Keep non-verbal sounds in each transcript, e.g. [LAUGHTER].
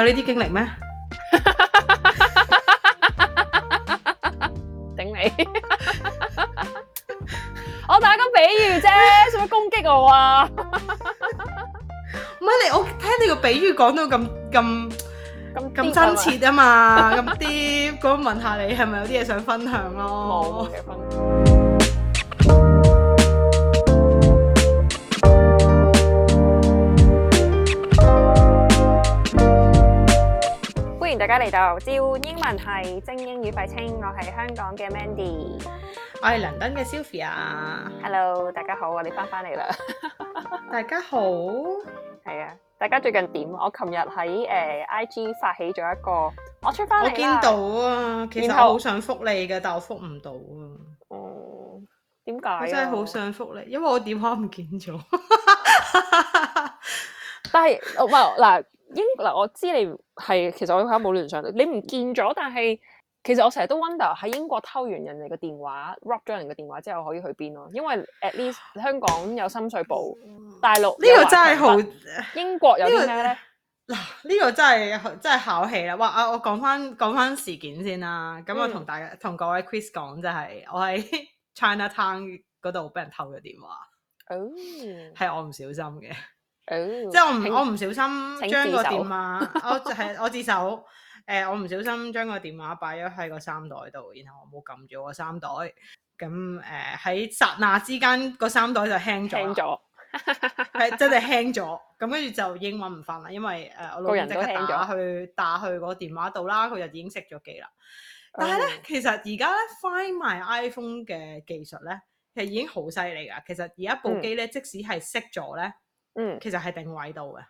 有呢啲經歷咩？ [LAUGHS] 頂你！ [LAUGHS] 我打個比喻啫，使乜 [LAUGHS] 攻擊我啊？唔 [LAUGHS] 係你，我聽你個比喻講到咁咁咁咁真切啊嘛，咁啲，咁 [LAUGHS] 問下你係咪有啲嘢想分享咯，啊？嗯好 [LAUGHS] 大家嚟到，照英文係精英與廢青，我係香港嘅 Mandy，我係倫敦嘅 Sylvia。Hello，大家好，我哋翻翻嚟啦。大家好，係啊，大家最近點？我琴日喺誒 IG 發起咗一個，我出翻嚟，我見到啊。其實我好想復你嘅，但我復唔到啊。哦，點解？我真係好想復你，因為我電話唔見咗。但係唔好嗱。英嗱，我知你係，其實我而家冇聯上。你唔見咗，但係其實我成日都 wonder 喺英國偷完人哋嘅電話 rob 咗人嘅電話之後可以去邊咯？因為 at least 香港有深水埗，嗯、大陸呢個真係好英國有啲咩咧？嗱、這個，呢、這個真係真係巧氣啦！哇啊，我講翻講翻事件先啦，咁我同大家同、嗯、各位 Chris 講就係、是、我喺 China Town 嗰度俾人偷咗電話，係、嗯、我唔小心嘅。嗯、即係我唔，聽我唔小心將個電話，自 [LAUGHS] 我係、就是、我自首誒、呃，我唔小心將個電話擺咗喺個衫袋度，然後我冇撳住個衫袋咁誒，喺剎、呃、那之間個衫袋就輕咗，輕咗係真係輕咗咁，跟住 [LAUGHS] 就搵唔返啦。因為誒、呃、我老公即刻打去打去個電話度啦，佢就已經熄咗機啦。嗯、但係咧，其實而家咧 Find My iPhone 嘅技術咧，其實已經好犀利噶。其實而家部機咧，即使係熄咗咧。嗯嗯，其實係定位到嘅。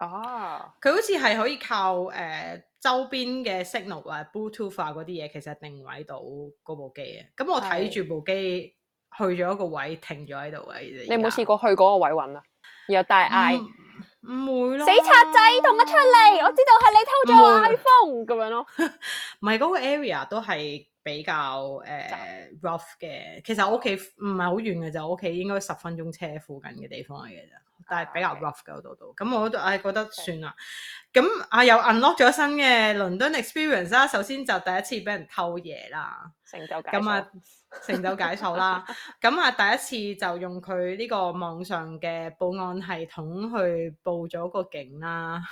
哦、嗯，佢好似係可以靠誒周邊嘅 signal 啊，Bluetooth 啊嗰啲嘢，其實定位到嗰部機嘅。咁我睇住部機去咗一個位停咗喺度啊！你有冇試過去嗰個位搵啊？又大嗌唔會咯，死賊仔，同我出嚟！我知道係你偷咗我 iPhone 咁會樣咯。唔係嗰個 area 都係比較誒 rough 嘅，呃、其實我屋企唔係好遠嘅，就我屋企應該十分鐘車附近嘅地方嚟嘅咋。但係比較 rough 嘅嗰度度，咁我都誒覺得算啦。咁啊 Okay. 又 unlock 咗新嘅倫敦 experience 啦。首先就第一次俾人偷嘢啦，成就解咁啊，就成就解數啦。咁啊 [LAUGHS] 第一次就用佢呢個網上嘅報案系統去報咗個警啦。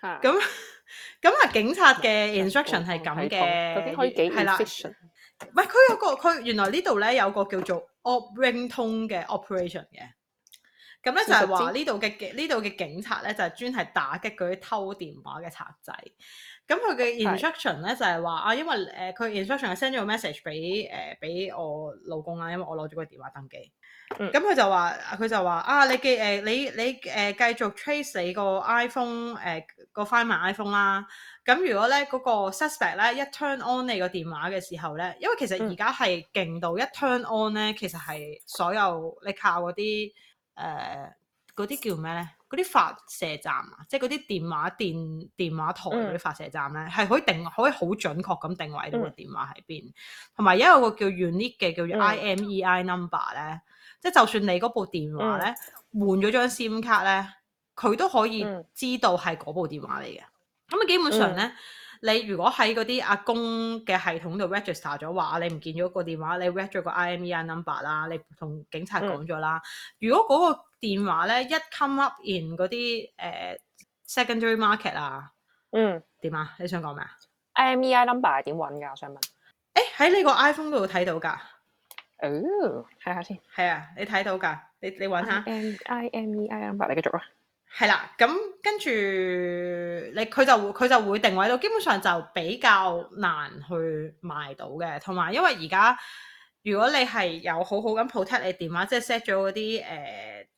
咁咁啊，警察嘅 instruction 係咁嘅，嗰 [NOISE] 啲可以係啦。唔係佢有個佢原來呢度咧有個叫做 all ring 通嘅 operation 嘅。咁咧、嗯、實就係話呢度嘅警呢度嘅警察咧就係、是、專係打擊嗰啲偷電話嘅賊仔。咁佢嘅 instruction 咧就係話啊，因為誒佢 instruction 係 send 咗個 message 俾誒俾我老公啦，因為我攞咗個電話登記。咁佢、嗯嗯、就話佢就話啊，你嘅誒你你誒繼續 trace 你個、呃、iPhone 誒個 find my iPhone 啦。咁、啊、如果咧嗰、那個 suspect 咧一 turn on 你個電話嘅時候咧，因為其實而家係勁到一 turn on 咧，其實係所有你靠嗰啲。誒，嗰啲、uh，叫咩咧？嗰啲發射站啊，即係嗰啲電話電電話台嗰啲發射站咧，係、嗯、可以定可以好準確咁定位到個電話喺邊。同埋有一個叫 unique 嘅，叫做 IMEI number 咧，嗯、即係就算你嗰部電話咧換咗張 SIM 卡咧，佢都可以知道係嗰部電話嚟嘅。咁啊，基本上咧。嗯你如果喺嗰啲阿公嘅系統度 register 咗話，你唔見咗個電話，你 register 咗個 IMEI number 啦，你同警察講咗啦。嗯、如果嗰個電話咧一 come up in 嗰啲誒、呃、secondary market 啊，嗯，點啊？你想講咩啊？IMEI number 係點揾㗎？我想問。誒喺呢、欸、個 iPhone 度睇到㗎。哦，睇下先。係啊，你睇到㗎，你你揾下。IMEI number 你繼續啊。係啦，咁跟住你佢就佢就會定位到，基本上就比較難去賣到嘅。同埋，因為而家如果你係有好好咁 protect 你電話，即係 set 咗嗰啲誒誒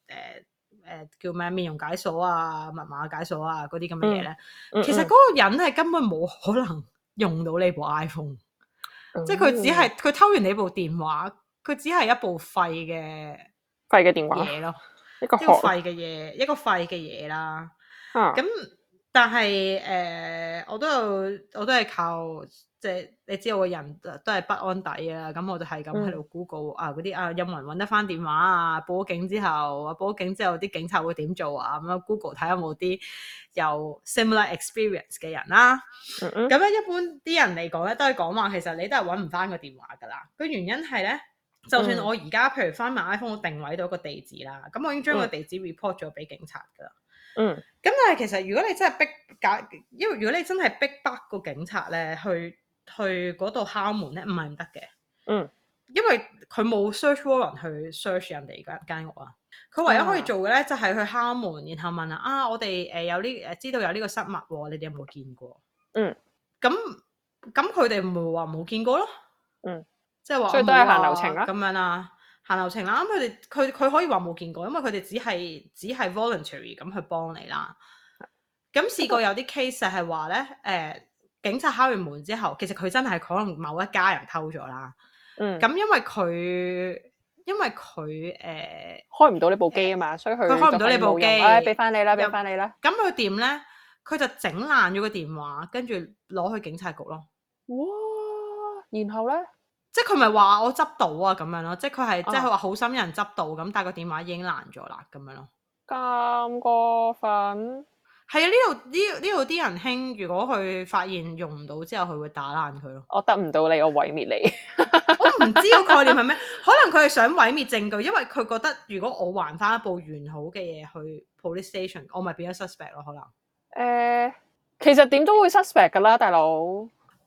誒叫咩面容解鎖啊、密碼解鎖啊嗰啲咁嘅嘢咧，嗯、嗯嗯其實嗰個人係根本冇可能用到你部 iPhone，嗯、即係佢只係佢偷完你部電話，佢只係一部廢嘅廢嘅電話嘢咯。一個廢嘅嘢，一個廢嘅嘢啦。咁、啊、但係誒、呃，我都有，我都係靠即係、就是，你知道我個人都係不安底、嗯、啊。咁我就係咁喺度 Google 啊，嗰啲啊有冇人揾得返電話啊？報警之後，報咗警之後啲警察會點做啊？咁樣 Google 睇下有冇啲有，有 similar experience 嘅人啦、啊。咁咧、嗯嗯、一般啲人嚟講咧，都係講話其實你都係揾唔返個電話噶啦。個原因係咧。就算我而家譬如翻埋 iPhone，我定位到個地址啦，咁我已經將個地址 report 咗俾警察噶。嗯，咁但係其實如果你真係逼搞，因為如果你真係逼得個警察咧去去嗰度敲門咧，唔係唔得嘅。嗯，因為佢冇 search warrant 去 search 人哋間屋啊，佢唯一可以做嘅咧就係去敲門，嗯、然後問啊，啊我哋誒有呢、這、誒、個、知道有呢個失物，你哋有冇見過？嗯，咁咁佢哋唔會話冇見過咯。嗯。即係話，所以都要行流程啦、啊，咁、嗯、樣啦、啊，行流程啦、啊。咁佢哋，佢佢可以話冇見過，因為佢哋只係只係 voluntary 咁去幫你啦。咁試過有啲 case 係話咧，誒、呃，警察敲完門之後，其實佢真係可能某一家人偷咗啦。嗯，咁因為佢，因為佢誒，呃、開唔到呢部機啊嘛，呃、所以佢佢開唔到、欸嗯、呢部機，唉，俾翻你啦，俾翻你啦。咁佢掂咧？佢就整爛咗個電話，跟住攞去警察局咯。哇，然後咧？即係佢咪話我執到啊咁樣咯，即係佢係即係佢話好心人執到，咁但係個電話已經爛咗啦咁樣咯，咁過分係啊！呢度呢呢度啲人興，如果佢發現用唔到之後，佢會打爛佢咯。我得唔到你，我毀滅你。 [LAUGHS] [LAUGHS] 我唔知個概念係咩，可能佢係想毀滅證據，因為佢覺得如果我還翻一部完好嘅嘢去 police station，我咪變咗 suspect 咯。可能誒、呃，其實點都會 suspect 噶啦，大佬。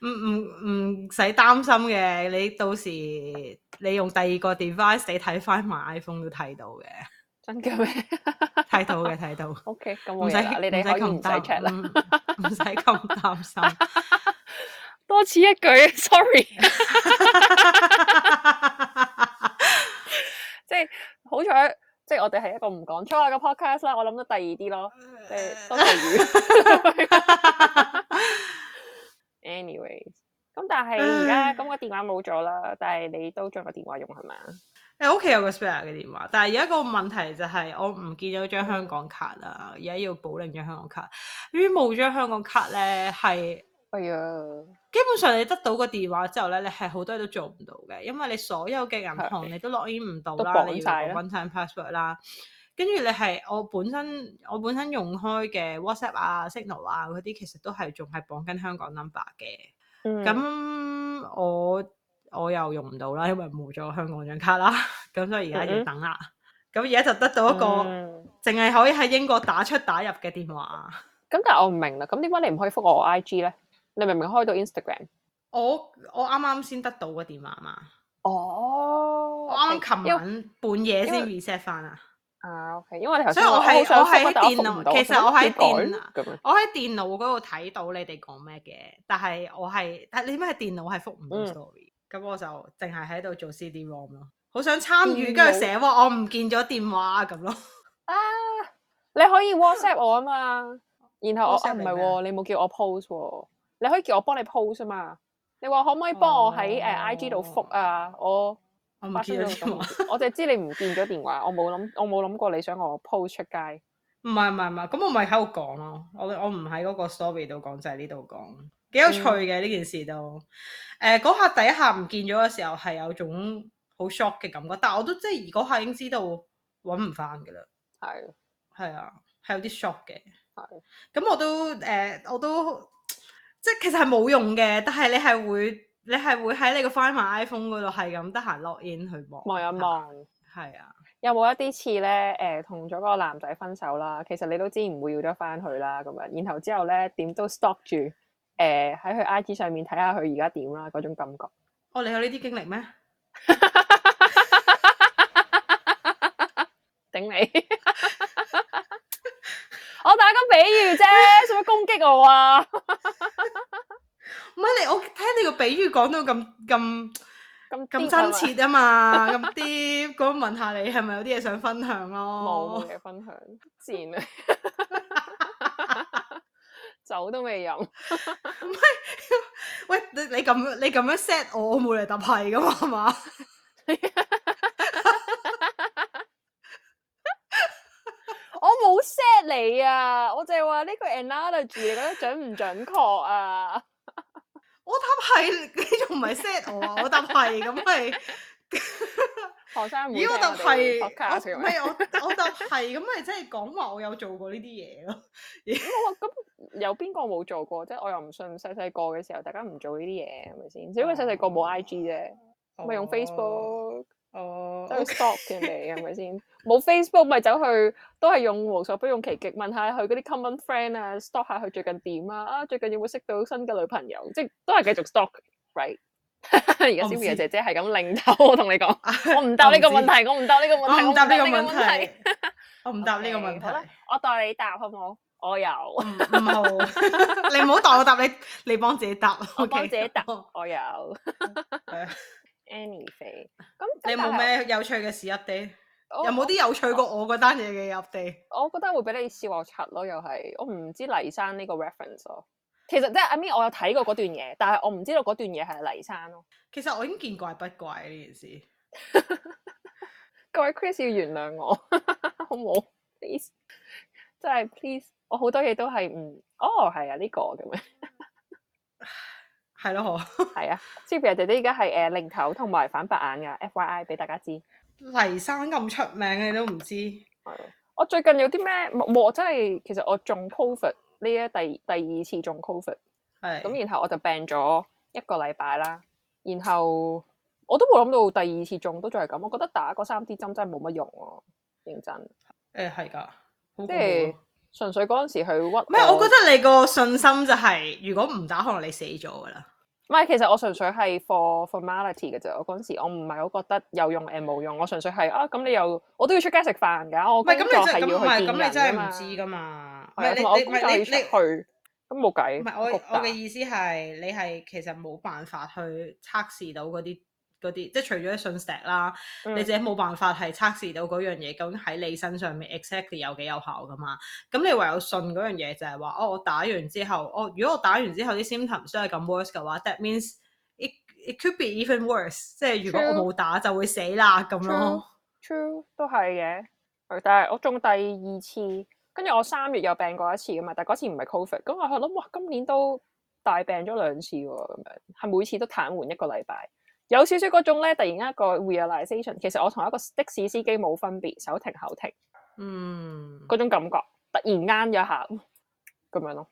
唔唔唔，使擔 [LAUGHS] 心嘅。你到時你用第二個 device，你睇翻埋 iPhone 都睇到嘅。真嘅咩？睇 [LAUGHS] [LAUGHS] 到嘅，睇到。OK，咁冇嘢， [LAUGHS] 你哋唔使 check 啦，唔使咁擔心。多此一舉，sorry。 [LAUGHS] [LAUGHS] [LAUGHS] [LAUGHS] 即係好彩。即係我哋係一個唔講粗話嘅 podcast 啦，我諗到第二啲咯，即係多謝你。anyways 咁但係而家咁個電話冇咗啦，但係你都將個電話用係咪啊？誒，屋企有個 spare 嘅電話，但係而家個問題就係、是、我唔見咗張香港卡啦，而家要補領張香港卡。於冇張香港卡咧，係。係啊，哎、基本上你得到個電話之後咧，你係好多嘢都做唔到嘅，因為你所有嘅銀行你都落 log in 唔到啦，你要用個 one-time password 啦，跟住你係我本身我本身用開嘅 WhatsApp 啊、Signal 啊嗰啲，其實都係仲係綁緊香港 number 嘅。咁、嗯、我我又用唔到啦，因為冇咗香港張卡啦。咁 [LAUGHS] 所以而家要等啦。咁而家就得到一個淨係、嗯、可以喺英國打出打入嘅電話。咁、嗯、但係我唔明啦，咁點解你唔可以覆我 I G 咧？你明明開到 Instagram，我我啱啱先得到個電話嘛？哦，啱啱琴晚半夜先 reset 翻啊！啊，OK，因為所以我係我喺電腦，其實我喺電我喺電腦嗰度睇到你哋講咩嘅，但係我係，但你咩電腦係覆唔到 sorry 咁我就淨係喺度做 CD-ROM 咯。好想參與，跟住寫我唔見咗電話咁咯。啊，你可以 WhatsApp 我啊嘛？然後我啊唔係喎，你冇叫我 post 喎。你可以叫我幫你 post 啊嘛，你話可唔可以幫我喺誒 IG 度覆啊？我我唔知，我就知你唔見咗電話， [LAUGHS] 我冇諗，我冇諗過你想我 post 出街。唔係唔係唔係，咁我咪喺度講咯。我我唔喺嗰個 story 度講，就喺呢度講。幾有趣嘅呢、嗯、件事都，誒嗰下第一下唔見咗嘅時候，係有種好 shock 嘅感覺。但係我都即係嗰下已經知道搵唔返㗎喇。係係啊，係的有啲 shock 嘅。係咁我都誒我都。呃我都即係其實係冇用嘅，但係你係會，你係會喺你個 Find my iPhone 嗰度，係咁得閒 login 去望望一望，係啊。有冇一啲次咧？誒、呃，同咗嗰個男仔分手啦，其實你都知唔會要咗翻去啦，咁樣。然後之後咧，點都 stop 住，誒、呃，喺佢 IG 上面睇下佢而家點啦嗰種感覺。哦，你有呢啲經歷咩？頂 [LAUGHS] [LAUGHS] 頂你！ [LAUGHS] 我打個比喻啫，做乜攻擊我啊？唔係你，我聽你個比喻講到咁咁咁咁真切啊嘛，咁啲，咁問下你係咪有啲嘢想分享咯？冇嘢分享，賤啊！酒都未飲，唔係，喂你你咁你咁樣 set 我，我冇嚟搭係噶嘛，係嘛？冇 set 你啊！我就係話呢個 analogy，你覺得準唔準確啊？ [LAUGHS] 我答係，你仲唔係 set 我啊？我答係咁咪學生。咦？我答係，我係 [LAUGHS] 我係我答係咁咪即係講話我有做過呢啲嘢咯。咦！我話！咁有邊個冇做過？即係我又唔信細細個嘅時候大家唔做呢啲嘢係咪先？是不是小小 IG，只不過細細個冇 IG 啫，咪用 Facebook。哦，s oh, okay. 都是是 stalk 人哋係咪先？冇 Facebook 咪走去，都係用無所不用其極，問下佢嗰啲 common friend 啊 stalk 下佢最近點啊，最近有冇識到新嘅女朋友？即係都係繼續 stalk、right? stalk right 而家小 B 嘅姐姐係咁擰頭，我同你講，我唔答呢個問題，啊、我唔答呢個問題，答呢個問題，我唔答呢個問題 okay。我代你答好唔、嗯、好？我有你唔好代我答你，你幫自己答。我幫自、okay. 自己答，我有。Any 飛，咁 Anyway, 你冇咩有,有趣嘅事？Oh, 有有一啲有冇啲有趣過我嗰單嘢嘅 update？我覺得會俾你笑我柒咯，又係我唔知黎生呢個 reference 咯。其實即係阿咪，I mean, 我有睇過嗰段嘢，但係我唔知道嗰段嘢係黎生咯。其實我已經見怪不怪呢件事。 [LAUGHS] 各位 Chris 要原諒我， [LAUGHS] 好冇？Please，即係 Please，我好多嘢都係唔哦，係、oh, 啊，呢、呢個咁樣。 [LAUGHS] 係咯，係 [LAUGHS] 啊，Sylvia 姐姐而家係誒零頭同埋反白眼噶，F Y I 俾大家知。黎生咁出名，你都唔知。我最近有啲咩？我真係，其實我中 Covid 呢一第第二次中 Covid，咁的，然後我就病咗一個禮拜啦。然後我都冇諗到第二次中都仲係咁，我覺得打嗰三支針真係冇乜用咯，啊，認真。誒、欸，係噶，即係。純粹嗰陣時佢屈，唔係我覺得你個信心就係，如果唔打，可能你死咗噶啦。唔係，其實我純粹係 for formality 嘅啫。我嗰陣時我唔係好覺得有用誒，冇用。我純粹係啊，咁你又我都要出街食飯噶。我唔係咁，你真係咁，你真係唔知噶嘛。唔係你，你你去咁冇計。唔係我我嘅意思係你係其實冇辦法去測試到嗰啲。嗰啲即係除咗信石啦，嗯、你自己冇辦法係測試到嗰樣嘢究竟喺你身上面 exactly 有幾有效噶嘛？咁你唯有信嗰樣嘢就係、是、話哦，我打完之後，我、哦、如果我打完之後啲 symptom 真係咁 worse 嘅話，that means it it could be even worse，即係如果我冇打就會死啦，咁 True. 咯。True 都係嘅，但係我中第二次，跟住我三月又病過一次噶嘛，但係嗰次唔係 COVID，咁我諗哇，今年都大病咗兩次喎，咁樣係每次都癱瘓一個禮拜。有少少嗰種咧，突然一個 realization，其實我同一個的士司機冇分別，手停口停，嗯，嗰種感覺突然啱一下咁樣咯，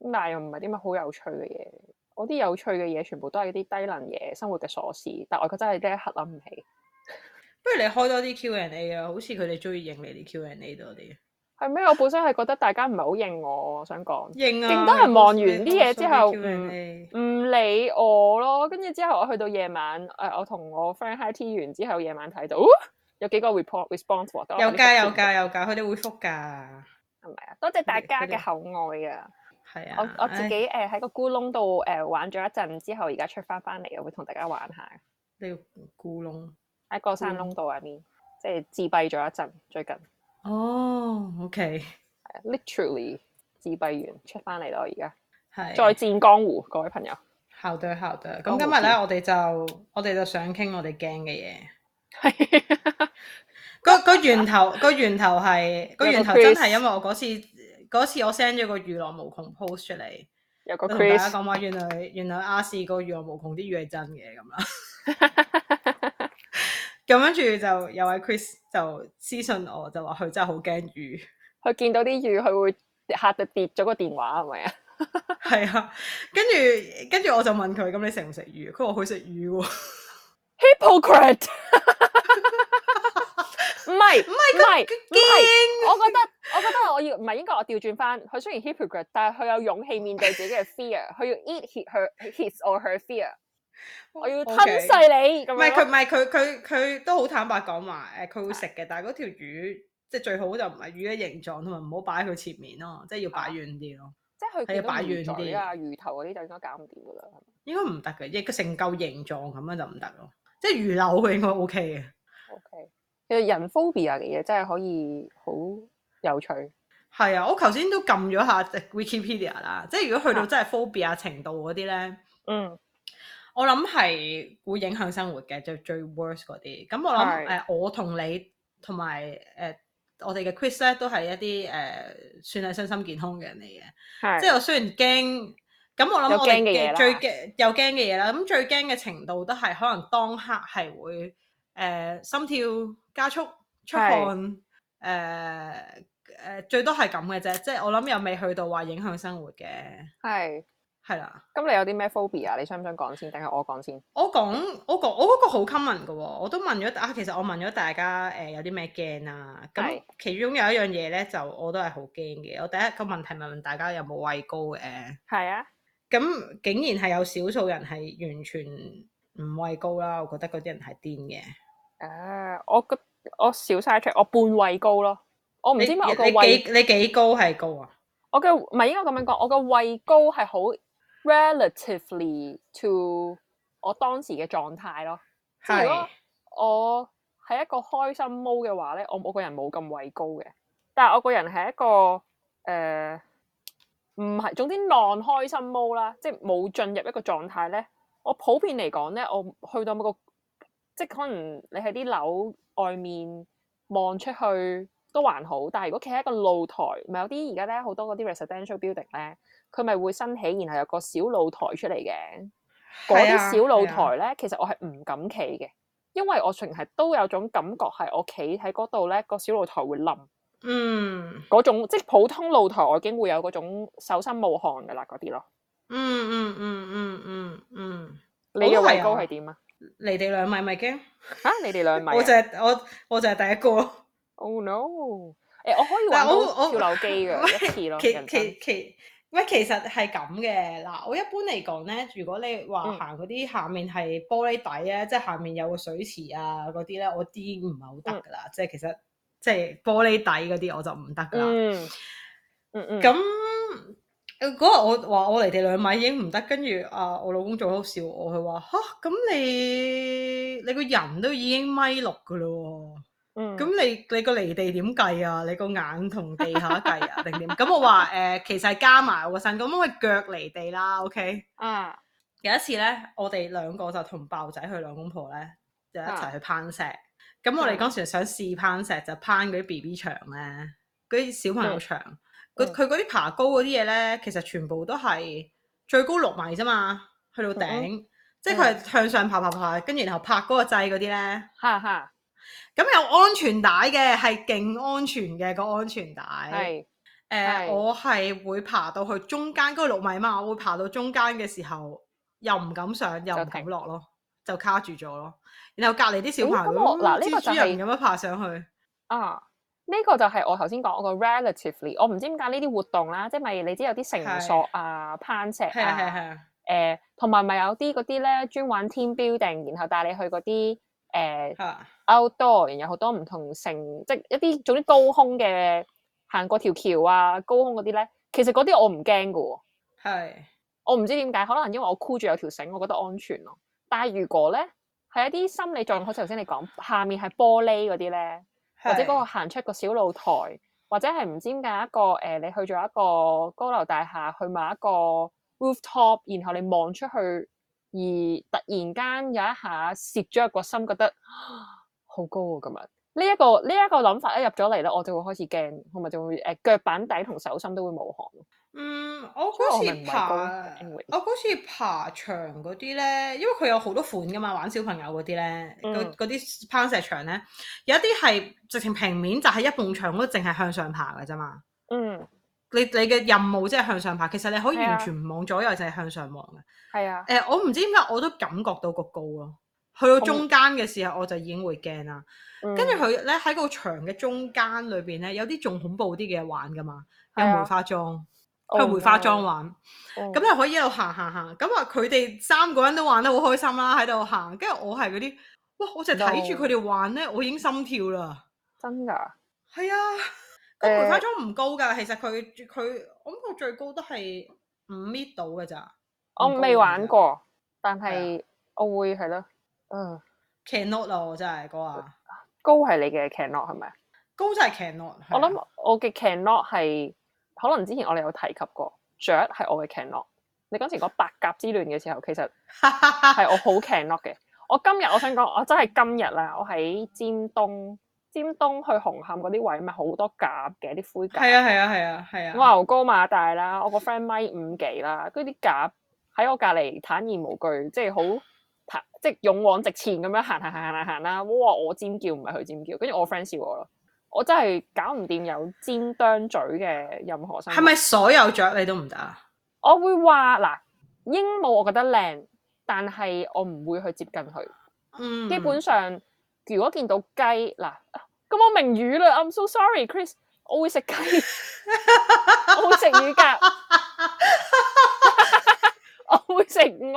咁但係又唔係啲乜好有趣嘅嘢，我啲有趣嘅嘢全部都係啲低能嘢，生活嘅瑣事，但係我真係即刻諗唔起。不如你開多啲 Q&A 啊，好似佢哋中意認你啲 Q&A 多啲。係咩？我本身係覺得大家唔係好認我，想講，認啊，勁多人望完啲嘢之後唔理我咯。跟住之後我去到夜晚，誒，我同我 friend high tea 完之後，夜晚睇到有幾個 report response，有加有加有加，佢哋會覆噶，係咪啊？多謝大家嘅厚愛啊！係啊，我我自己誒喺個咕窿度誒玩咗一陣之後，而家出翻翻嚟啊，會同大家玩下。呢個咕窿喺個山窿度入面，即係自閉咗一陣最近。哦、oh，OK，係啊，literally 自閉完出翻嚟咯，而家係再戰江湖，各位朋友。好的，好的。咁今日咧，我哋就我哋就想傾我哋驚嘅嘢。係。 [LAUGHS] 個個源頭個源頭係個源頭真係因為我嗰次嗰次我 send 咗個娛樂無窮 post 出嚟，有個 Chris 同大家講話，原來原來亞視個娛樂無窮啲嘢係真嘅咁樣。 [LAUGHS] 咁跟住就有位 Chris 就私信我，就話佢真係好驚魚。佢見到啲魚，佢會下就跌咗個電話係咪 [LAUGHS] 啊？係啊，跟住跟住我就問佢，咁你食唔食魚？佢話佢食魚喎。hypocrite 唔係唔係唔係，我覺得我覺得我要唔係應該我調轉翻佢。雖然 hypocrite 但係佢有勇氣面對自己嘅 fear。佢要 eat his his or her fear。我要吞噬你，唔係佢，唔係佢，佢佢都好坦白講話，誒，佢會食嘅，但係嗰條魚即係最好就唔係魚嘅形狀，同埋唔好擺喺佢前面咯，即係要擺遠啲咯，即係佢要擺遠啲啊，魚頭嗰啲就應該搞唔掂噶啦，應該唔得嘅，即係成嚿形狀咁樣就唔得咯，即係魚柳佢應該 OK 嘅，OK，其實人 phobia 嘅嘢真係可以好有趣，係啊，我頭先都撳咗下 Wikipedia 啦，的即係如果去到真係 phobia 程度嗰啲咧，嗯。嗯我諗係會影響生活嘅，就最 worse 嗰啲。咁我諗，誒，我同你同埋，誒、呃，我哋嘅 Chris 咧都係一啲，誒、呃，算係身心健康嘅人嚟嘅。係是。即係我雖然驚，咁我諗我哋驚最驚又驚嘅嘢啦。咁最驚嘅、嗯、程度都係可能當刻係會，誒、呃，心跳加速、出汗，誒是，誒、呃呃，最多係咁嘅啫。即係我諗又未去到話影響生活嘅。係。係啦，咁你有啲咩 phobia 啊？你想唔想講先？等下我講先我？我講，我講，我嗰個好 common 嘅喎，我都問咗啊。其實我問咗大家誒、呃、有啲咩驚啊？咁的其中有一樣嘢咧，就我都係好驚嘅。我第一個問題問問大家有冇畏高嘅？係啊的。咁竟然係有少數人係完全唔畏高啦，我覺得嗰啲人係癲嘅。啊，我個我少曬出，我半畏高咯。我唔知你你我你幾，你幾高係高啊？我嘅唔係應該咁樣講，我嘅畏高係好。Relatively to 我當時嘅狀態咯，是如果我係一個開心 mode 嘅話咧，我我個人冇咁畏高嘅，但係我個人係一個誒唔係，總之浪開心 mode 啦，即係冇進入一個狀態咧。我普遍嚟講咧，我去到每個，即係可能你喺啲樓外面望出去都還好，但係如果企喺一個露台，咪有啲而家咧好多嗰啲 residential building 咧。佢咪會升起，然後有個小露台出嚟嘅。嗰啲小露台咧，其實我係唔敢企嘅，因為我從嚟成日都有種感覺係我企喺嗰度咧，個小露台會冧。嗯，嗰種即係普通露台，我已經會有嗰種手心冒汗噶啦，嗰啲咯。嗯嗯嗯嗯嗯嗯，你嘅畏高係點啊？你哋兩米咪驚？嚇！你哋兩米，我就係我，我就係第一個。Oh no！誒，我可以玩到跳樓機嘅一次咯，人生。喂，其實係咁嘅嗱。我一般嚟講咧，如果你話行嗰啲下面係玻璃底啊，嗯、即係下面有個水池啊嗰啲咧，我啲唔係好得噶啦。即係其實即係玻璃底嗰啲我就唔得噶啦。嗯嗯。咁誒嗰日我話我離地兩米已經唔得，跟住啊我老公做好笑我，佢話吓，咁你你個人都已經米六噶咯。咁、嗯、你你個離地點計啊？你個眼同地下計啊？定點？咁 [LAUGHS] 我話誒、呃，其實加埋我個身，咁因為腳離地啦。OK，啊、嗯，有一次咧，我哋兩個就同爆仔佢兩公婆咧，就一齊去攀石。咁、嗯、我哋嗰時想試攀石，就攀嗰啲 B B 牆咧，嗰啲小朋友牆。佢嗰啲爬高嗰啲嘢咧，其實全部都係最高六米啫嘛，去到頂，嗯嗯、即係佢係向上爬爬爬，爬，跟住然後拍嗰個掣嗰啲咧，哈哈、嗯。 [LAUGHS] 咁、嗯、有安全帶嘅，係勁安全嘅、嗰個安全帶。係，誒、呃，我係會爬到去中間嗰個六米嘛，我會爬到中間嘅時候又唔敢上，又唔敢落咯，就，停就卡住咗咯。然後隔籬啲小朋友嗱呢蜘蛛人咁樣爬上去。呢個就係、啊，呢、呢個就係我頭先講我個 relatively。我唔知點解呢啲活動啦，即係咪你知有啲繩索啊、是攀石啊，誒，同埋咪有啲嗰啲咧專玩 team building，然後帶你去嗰啲。誒、uh，outdoor，然後好多唔同城，即係一啲總之高空嘅，行過條橋啊，高空嗰啲咧，其實嗰啲我唔驚噶，係是，我唔知點解，可能因為我箍住有條繩，我覺得安全咯、啊。但係如果咧，係一啲心理狀況，好似頭先你講，下面係玻璃嗰啲咧，是或者嗰個行出個小露台，或者係唔知點解一個誒、呃，你去咗一個高樓大廈去埋一個 rooftop，然後你望出去。而突然間有一下攝咗個心，覺得好高啊咁樣，呢一個呢一個諗法一入咗嚟咧，我就會開始驚，同埋就會誒腳板底同手心都會冒汗。嗯，我好似爬，我好似爬牆嗰啲咧，因為佢有好多款噶嘛，玩小朋友嗰啲咧，嗰啲、嗯、攀石牆咧，有一啲係直情平面，就係一埲牆都淨係向上爬噶啫嘛。嗯。你你嘅任務即係向上爬，其實你可以完全唔望左右，就係、啊、向上望嘅。係啊。誒、呃，我唔知點解我都感覺到個高咯、啊。去到中間嘅時候，我就已經會驚啦。跟住佢咧喺個牆嘅中間裏邊咧，有啲仲恐怖啲嘅玩㗎嘛，有梅花樁，開梅、啊、花樁玩。咁又、嗯、可以一路行行行。咁啊，佢哋三個人都玩得好開心啦、啊，喺度行。跟住我係嗰啲，哇！我就睇住佢哋玩咧，嗯、我已經心跳啦。真㗎的？係 [LAUGHS] 啊。 [LAUGHS] 佢、呃、培花裝唔高㗎，其實佢佢我諗佢最高都係五米到嘅咋。我未玩過，但係我會係咯，嗯。Cannot 咯，真係高啊！高係你嘅 cannot 係咪啊？高就係 cannot、啊、我諗我嘅 cannot 係可能之前我哋有提及過，雀係我嘅 cannot。你嗰陣時講八甲之亂嘅時候，其實係我好 cannot 嘅。 [LAUGHS] 我今日我想講，我真係今日啦，我喺尖東。尖東去紅磡嗰啲位咪好多鴿嘅啲灰鴿，係啊係啊係啊係啊！啊啊啊我牛高馬大啦，我個 friend 咪五幾啦，跟啲鴿喺我隔離坦然無懼，即係好即係勇往直前咁樣行行行行行行啦！哇！我尖叫唔係佢尖叫，跟住我 friend 笑我咯，我真係搞唔掂有尖啄嘴嘅任何生。係咪所有雀你都唔得啊？我會話嗱，鸚鵡我覺得靚，但係我唔會去接近佢。嗯，基本上。如果見到雞嗱，咁、啊啊、我明魚啦。I'm so sorry, Chris。我會食雞， [LAUGHS] [LAUGHS] 我會食魚㗎， [LAUGHS] 我會食鵝， [LAUGHS]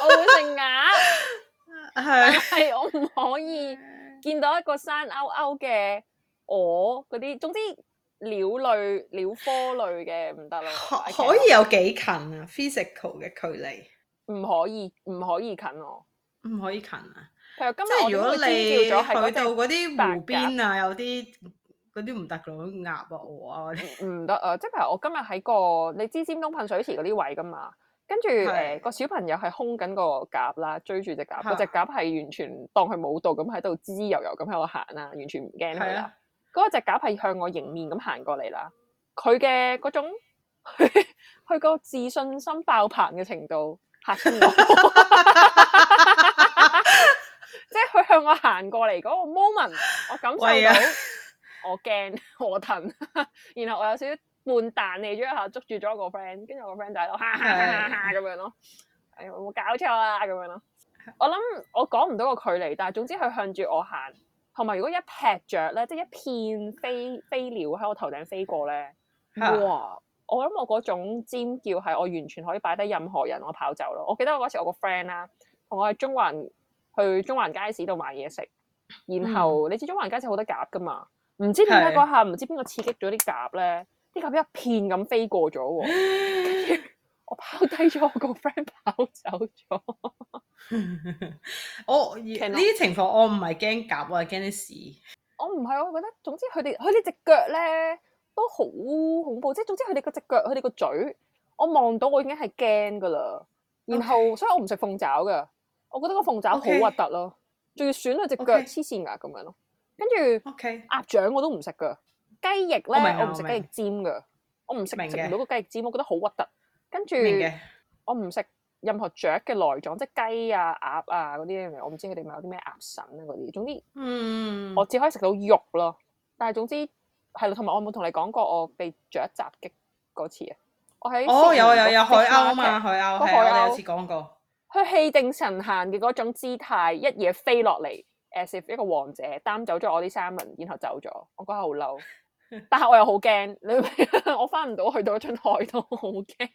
我會食鴨。係係，我唔可以見到一個山凹凹嘅鵝嗰啲，總之鳥類、鳥科類嘅唔得咯。可，可以有幾近啊？Physical 嘅 [MUSIC] 距離唔可以，唔可以近我？唔可以近啊！即係如果你去到嗰啲湖邊啊，有啲啲唔得噶咯，鴨啊、鵝啊啲唔得啊！即係我今日喺個你知尖東噴水池嗰啲位噶嘛，跟住誒個小朋友係兇緊個鴨啦，追住隻鴨，嗰隻鴨係完全當佢冇到咁喺度滋滋悠悠咁喺度行啦，完全唔驚佢啦。嗰隻鴨係向我迎面咁行過嚟啦，佢嘅嗰種佢個自信心爆棚嘅程度嚇到我！即係佢向我行過嚟嗰個 moment， [LAUGHS] 我感受到我驚我疼， [LAUGHS] [LAUGHS] [LAUGHS] 然後我有少少半彈嚟咗一下捉住咗個 friend，跟住我個 friend 就喺度係咯，咁樣咯，係、 [LAUGHS] [LAUGHS] 哎、有冇搞錯啊？咁樣咯，我諗我講唔到個距離，但係總之佢向住我行，同埋如果一劈着咧，即係一片飛飛鳥喺我頭頂飛過咧， [LAUGHS] 哇！我諗我嗰種尖叫係我完全可以擺低任何人，我跑走咯。我記得我嗰時我個 friend 啦，同我係中環。去中環街市度買嘢食，然後，嗯、你知中環街市好多鴿噶嘛？唔、嗯、知點解嗰下唔是知邊個刺激咗啲鴿咧，啲鴿一片咁飛過咗喎， [LAUGHS] 我跑低咗我個 friend 跑走咗。 [LAUGHS] 我而呢啲情況我唔係驚鴿啊，我驚啲屎。我唔係，我覺得總之佢哋佢哋隻腳咧都好恐怖，即係總之佢哋個隻腳佢哋個嘴，我望到我已經係驚噶啦。然後 [LAUGHS] 所以我唔食鳳爪噶。我覺得個鳳爪好核突咯，仲 Okay. 要選佢隻腳黐綫牙咁樣咯，Okay. 跟住 OK 鴨掌我都唔食噶，雞翼咧我唔食雞翼尖噶，我唔食食唔到個雞翼尖，我覺得好核突。跟住我唔食任何雀嘅內臟，即係雞啊、鴨啊嗰啲，我唔知佢哋咪有啲咩鴨腎啊嗰啲，總之嗯，我只可以食到肉咯。但係總之係咯，同埋我冇同你講過我被雀襲擊嗰次啊，我喺哦有啊有有，有有海鷗啊嘛，海鷗係我有次講過。佢氣定神閒嘅嗰種姿態，一夜飛落嚟，as if 一個王者擔走咗我啲三文，然後走咗，我覺得好嬲，但係我又好驚，你 [LAUGHS] [LAUGHS] 我翻唔到去到嗰張台都好驚，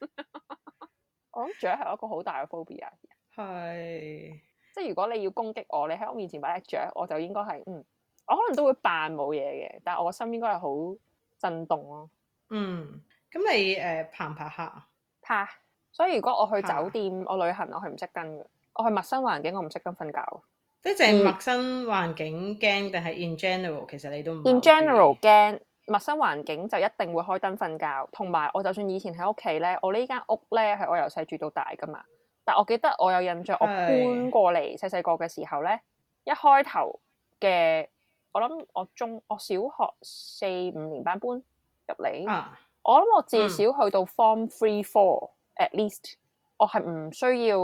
[LAUGHS] 我諗雀係一個好大嘅 phobia，係，是即係如果你要攻擊我，你喺我面前擺隻雀，我就應該係嗯，我可能都會扮冇嘢嘅，但係我心應該係好震動咯，啊，嗯，咁你誒怕唔怕黑啊？怕、呃。爬所以如果我去酒店，啊、我旅行，我係唔熄燈嘅。我去陌生環境，我唔熄燈瞓覺。即係陌生環境驚，定係 in general 其實你都 in general 驚陌生環境，就一定會開燈瞓覺。同埋我就算以前喺屋企咧，我呢間屋咧係我由細住到大噶嘛。但我記得我有印象，我搬過嚟細細個嘅時候咧，是一開頭嘅我諗我中我小學四五年班搬入嚟，啊、我諗我至少去到 form three four。4, 嗯 At least，我係唔需要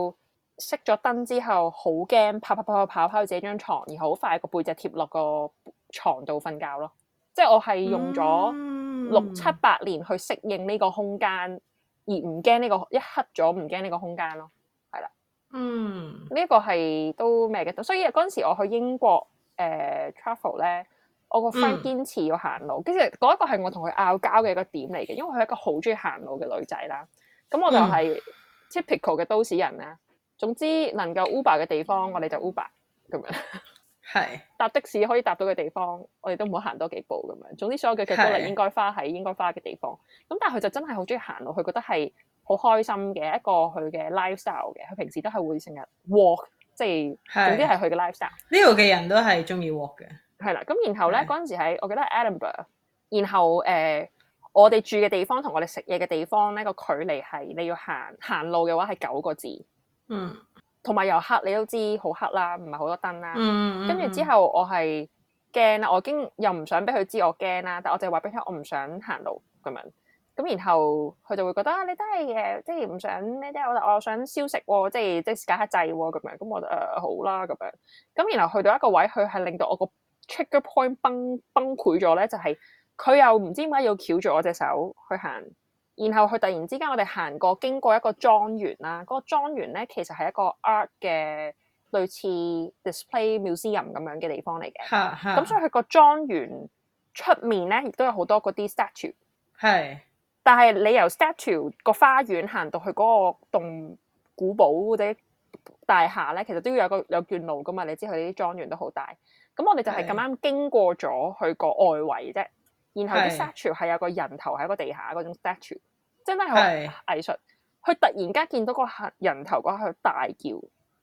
熄咗燈之後好驚跑跑跑跑跑去自己張床，而好快個背脊貼落個床度瞓覺咯。即係我係用咗六七八年去適應呢個空間，而唔驚呢個一黑咗，唔驚呢個空間咯。係啦，嗯，呢一個係都咩嘅？所以嗰陣時我去英國誒、呃、travel 咧，我個 friend 堅持要行路，嗯、跟住嗰一個係我同佢拗交嘅一個點嚟嘅，因為佢係一個好中意行路嘅女仔啦。咁、嗯、我就係 typical 嘅都市人啦。總之能夠 Uber 嘅地方，我哋就 Uber 咁樣。係是搭的士可以搭到嘅地方，我哋都唔好行多幾步咁樣。總之，所有嘅錢都係應該花喺應該花嘅地方。咁的但係佢就真係好中意行路，佢覺得係好開心嘅一個佢嘅 lifestyle 嘅。佢平時都係會成日 walk，即係總之係佢嘅 lifestyle。呢度嘅人都係中意 walk 嘅。係啦，咁然後咧，嗰陣時係我記得 Edinburgh，然後誒。呃我哋住嘅地方同我哋食嘢嘅地方咧，個距離係你要行行路嘅話係九個字。嗯，同埋又黑，你都知好黑啦，唔係好多燈啦。跟住、嗯嗯嗯、之後我係驚啦，我已經又唔想俾佢知我驚啦，但係我就話俾佢我唔想行路咁樣。咁然後佢就會覺得你真係嘅，即係唔想呢啲，我我想消食喎、啊，即係即係解下滯喎咁樣。咁我誒、呃、好啦咁樣。咁然後去到一個位，佢係令到我個 trigger point 崩崩潰咗咧，就係、是。佢又唔知點解要翹住我隻手去行，然後佢突然之間我，我哋行過經過一個莊園啦。嗰、那個莊園咧，其實係一個 Art 嘅類似 Display Museum 咁樣嘅地方嚟嘅。嚇咁、 [MUSIC] 嗯、所以佢個莊園出面咧，亦都有好多嗰啲 Statue。係 [MUSIC] ，但係你由 Statue 個花園行到去嗰個棟古堡或者大廈咧，其實都要有個有段路噶嘛。你知佢啲莊園都好大，咁、嗯、我哋就係咁啱經過咗去個外圍啫。然後啲 statue 係有個人頭喺個地下嗰種 statue，真係好是藝術。佢突然間見到嗰個人頭嗰刻，大叫，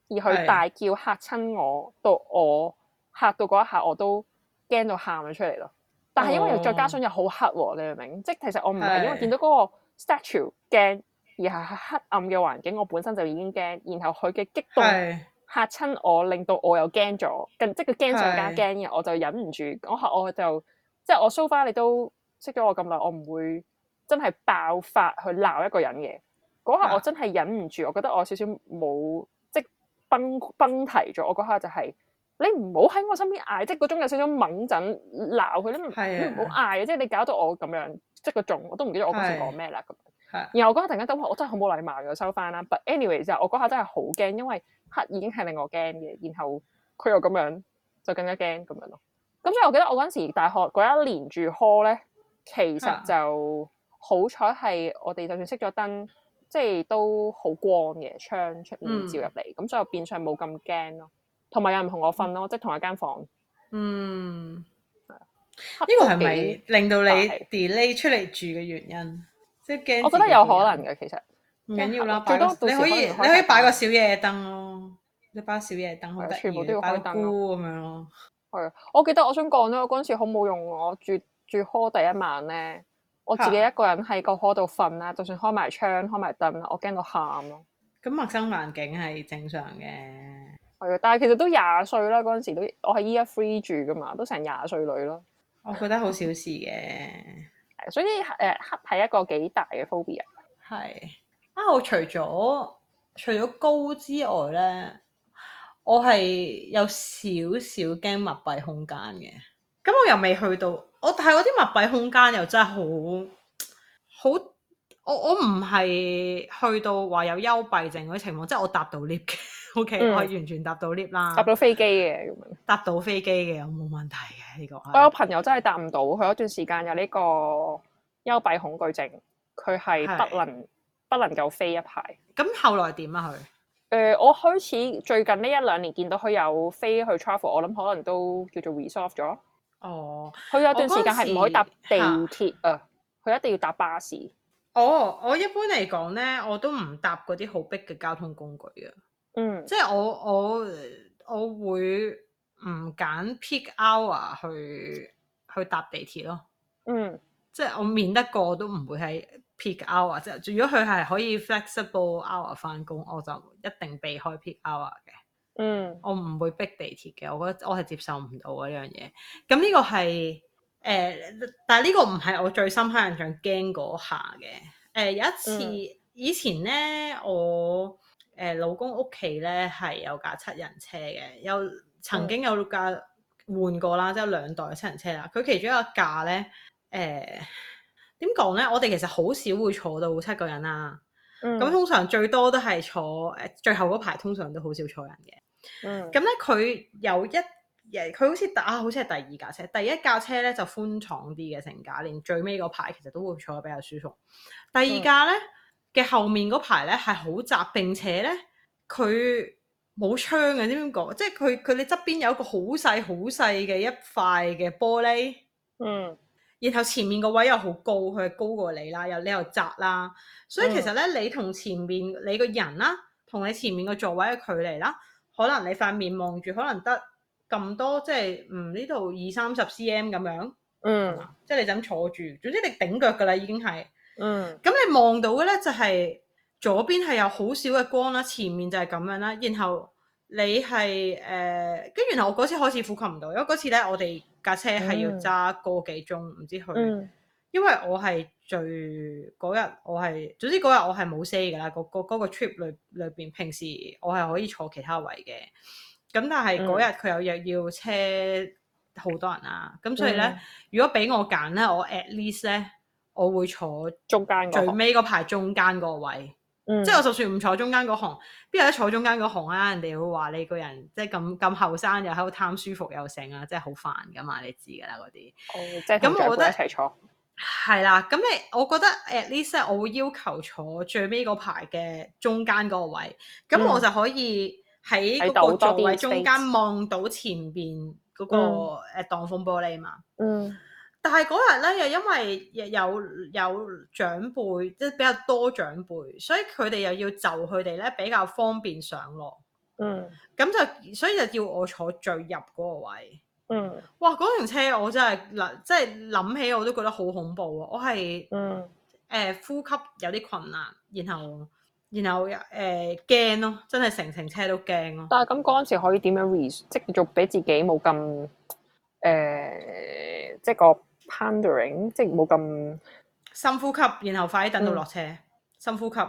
而佢大叫嚇親我，到我嚇到嗰一下，我都驚到喊咗出嚟咯。但係因為又、哦、再加上又好黑喎、啊，你明唔明？即係其實我唔係是因為見到嗰個 statue 驚，而係黑暗嘅環境，我本身就已經驚。然後佢嘅激動是嚇親我，令到我又驚咗，更即佢驚上加驚嘅，我就忍唔住，我嚇我就。我就即係我收翻，你都識咗我咁耐，我唔會真係爆發去鬧一個人嘅。嗰下我真係忍唔住，我覺得我少少冇即崩崩堤咗。我嗰下就係、是、你唔好喺我身邊嗌，即係嗰種有少少猛陣鬧佢，你唔好嗌，即係你搞到我咁樣，即係個種我都唔記得我嗰時講咩啦咁。的然後我嗰下突然間我真係好冇禮貌嘅收翻啦。But anyway 就我嗰下真係好驚，因為黑已經係令我驚嘅，然後佢又咁樣，就更加驚咁樣咯。咁所以，我記得我嗰陣時大學嗰一年住 hall 咧，其實就好彩係我哋就算熄咗燈，即係都好光嘅窗出面照入嚟，咁所以變相冇咁驚咯。同埋有人同我瞓咯，即係同一間房。嗯，呢個係咪令到你 delay 出嚟住嘅原因？即係驚，我覺得有可能嘅。其實唔緊要啦，最多你可以你可以擺個小夜燈咯，一擺小夜燈好得意，擺個燈咁樣咯。係，我記得我想講咧，我嗰陣時好冇用，我住住 hall 第一晚咧，我自己一個人喺個 hall 度瞓啦，啊、就算開埋窗，開埋燈啦，我驚到喊咯。咁陌生環境係正常嘅，係啊，但係其實都廿歲啦，嗰陣時都我喺依家 free 住噶嘛，都成廿歲女咯。我覺得好小事嘅， [LAUGHS] 所以誒、呃、黑係一個幾大嘅 phobia。係啊，我除咗除咗高之外咧。我係有少少驚密閉空間嘅，咁我又未去到，我但係嗰啲密閉空間又真係好好，我我唔係去到話有幽閉症嗰啲情況，即係我搭到 lift 嘅，OK，我係完全搭到 lift 啦，搭到飛機嘅咁樣，嗯、搭到飛機嘅我冇問題嘅呢、呢個。我有朋友真係搭唔到，佢有段時間有呢個幽閉恐懼症，佢係不能的不能夠飛一排。咁後來點啊佢？誒、呃，我開始最近呢一兩年見到佢有飛去 travel，我諗可能都叫做 resolve 咗。哦，佢有段時間係唔可以搭地鐵啊，佢、呃、一定要搭巴士。哦，我一般嚟講咧，我都唔搭嗰啲好逼嘅交通工具啊。嗯，即係我我我會唔揀 peak hour 去去搭地鐵咯。嗯，即係我免得過都唔會喺。Peak hour 即係，如果佢係可以 flexible hour 翻工，我就一定避開 peak hour 嘅。嗯，我唔會逼地鐵嘅，我覺得我係接受唔到啊呢樣嘢。咁呢個係誒、呃，但係呢個唔係我最深刻印象驚嗰下嘅。誒、呃、有一次、嗯、以前咧，我誒、呃、老公屋企咧係有架七人車嘅，有曾經有架換過啦，嗯、即係兩代嘅七人車啦。佢其中一個架咧，誒、呃。點講呢？我哋其實好少會坐到七個人啦。咁、嗯、通常最多都係坐誒最後嗰排，通常都好少坐人嘅。咁呢、嗯，佢有一誒，佢好似第、啊，好似係第二架車。第一架車呢就寬敞啲嘅，成架連最尾嗰排其實都會坐得比較舒服。第二架呢嘅、嗯、後面嗰排呢係好窄，並且呢，佢冇窗嘅，點講？即係佢佢你側邊有一個好細好細嘅一塊嘅玻璃。嗯。然後前面個位又好高，佢係高過你啦，又你又窄啦，所以其實咧，嗯、你同前面你個人啦，同你前面個座位嘅距離啦，可能你塊面望住可能得咁多，即係嗯呢度二三十 cm 咁樣，嗯，即係、嗯嗯就是、你就坐住，總之你頂腳噶啦已經係，經嗯，咁你望到嘅咧就係左邊係有好少嘅光啦，前面就係咁樣啦，然後你係誒，跟、呃、住然後我嗰次開始呼吸唔到，因為嗰次咧我哋。架車係要揸個幾鐘，唔、嗯、知去，因為我係最嗰日，我係，總之嗰日我係冇 say 噶啦。嗰個個嗰個 trip 裏裏邊，平時我係可以坐其他位嘅。咁但係嗰日佢又約要車好多人啦、啊，咁所以咧，嗯、如果俾我揀咧，我 at least 咧，我會坐中間，最尾嗰排中間嗰位。嗯、即係我就算唔坐中間嗰行，邊有得坐中間嗰行啊？人哋會話你個人即係咁咁後生又喺度貪舒服又剩啊，即係好煩噶嘛，你知㗎啦嗰啲。哦，即係都唔係一齊坐。係、嗯、啦，咁你我覺得 at least 我會要求坐最尾嗰排嘅中間嗰個位，咁我就可以喺嗰個座位、嗯、中間望到前邊嗰個誒擋風玻璃嘛。嗯。嗯。但係嗰日咧，又因為有有長輩，即係比較多長輩，所以佢哋又要就佢哋咧比較方便上落。嗯，咁就所以就叫我坐最入嗰個位。嗯，哇！嗰程車我真係嗱，即係諗起我都覺得好恐怖啊！我係嗯誒、呃、呼吸有啲困難，然後然後誒驚、呃、咯，真係成程車都驚咯。但係咁嗰陣時可以點樣 relief？即係繼續俾自己冇咁誒，即係個。pondering 即係冇咁深呼吸，然後快啲等到落車。嗯、深呼吸，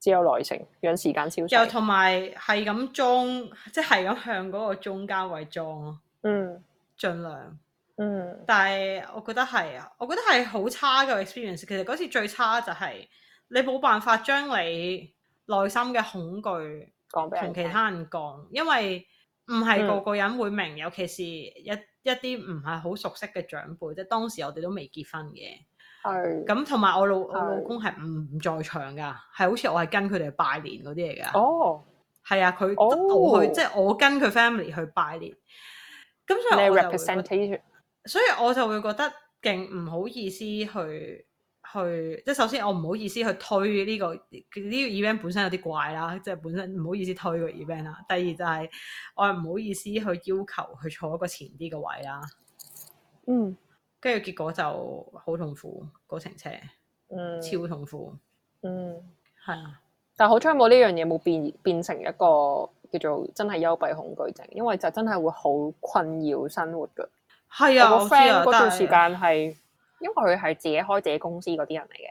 只有耐性，讓時間消失。又同埋係咁裝，即係咁向嗰個中間位裝咯。嗯，盡量。嗯，但係我覺得係啊，我覺得係好差嘅 experience。其實嗰次最差就係、是、你冇辦法將你內心嘅恐懼講俾同其他人講，因為唔係個個人會明，嗯、尤其是一。一啲唔係好熟悉嘅長輩啫，即當時我哋都未結婚嘅，係咁同埋我老我老公係唔在場噶，係好似我係跟佢哋拜年嗰啲嚟噶。哦，係啊，佢都去。哦、即係我跟佢 family 去拜年，咁所以我就會，所以我就會覺得勁唔好意思去。去即係，首先我唔好意思去推呢個呢個 event 本身有啲怪啦，即係本身唔好意思推個 event 啦。第二就係、係、我唔好意思去要求去坐一個前啲嘅位啦。嗯，跟住結果就好痛苦，嗰程車、嗯、超痛苦。嗯，係、嗯、啊。係但係好彩冇呢樣嘢冇變變成一個叫做真係幽閉恐懼症，因為就真係會好困擾生活㗎。係啊，我個 friend 嗰段時間係。因為佢係自己開自己公司嗰啲人嚟嘅，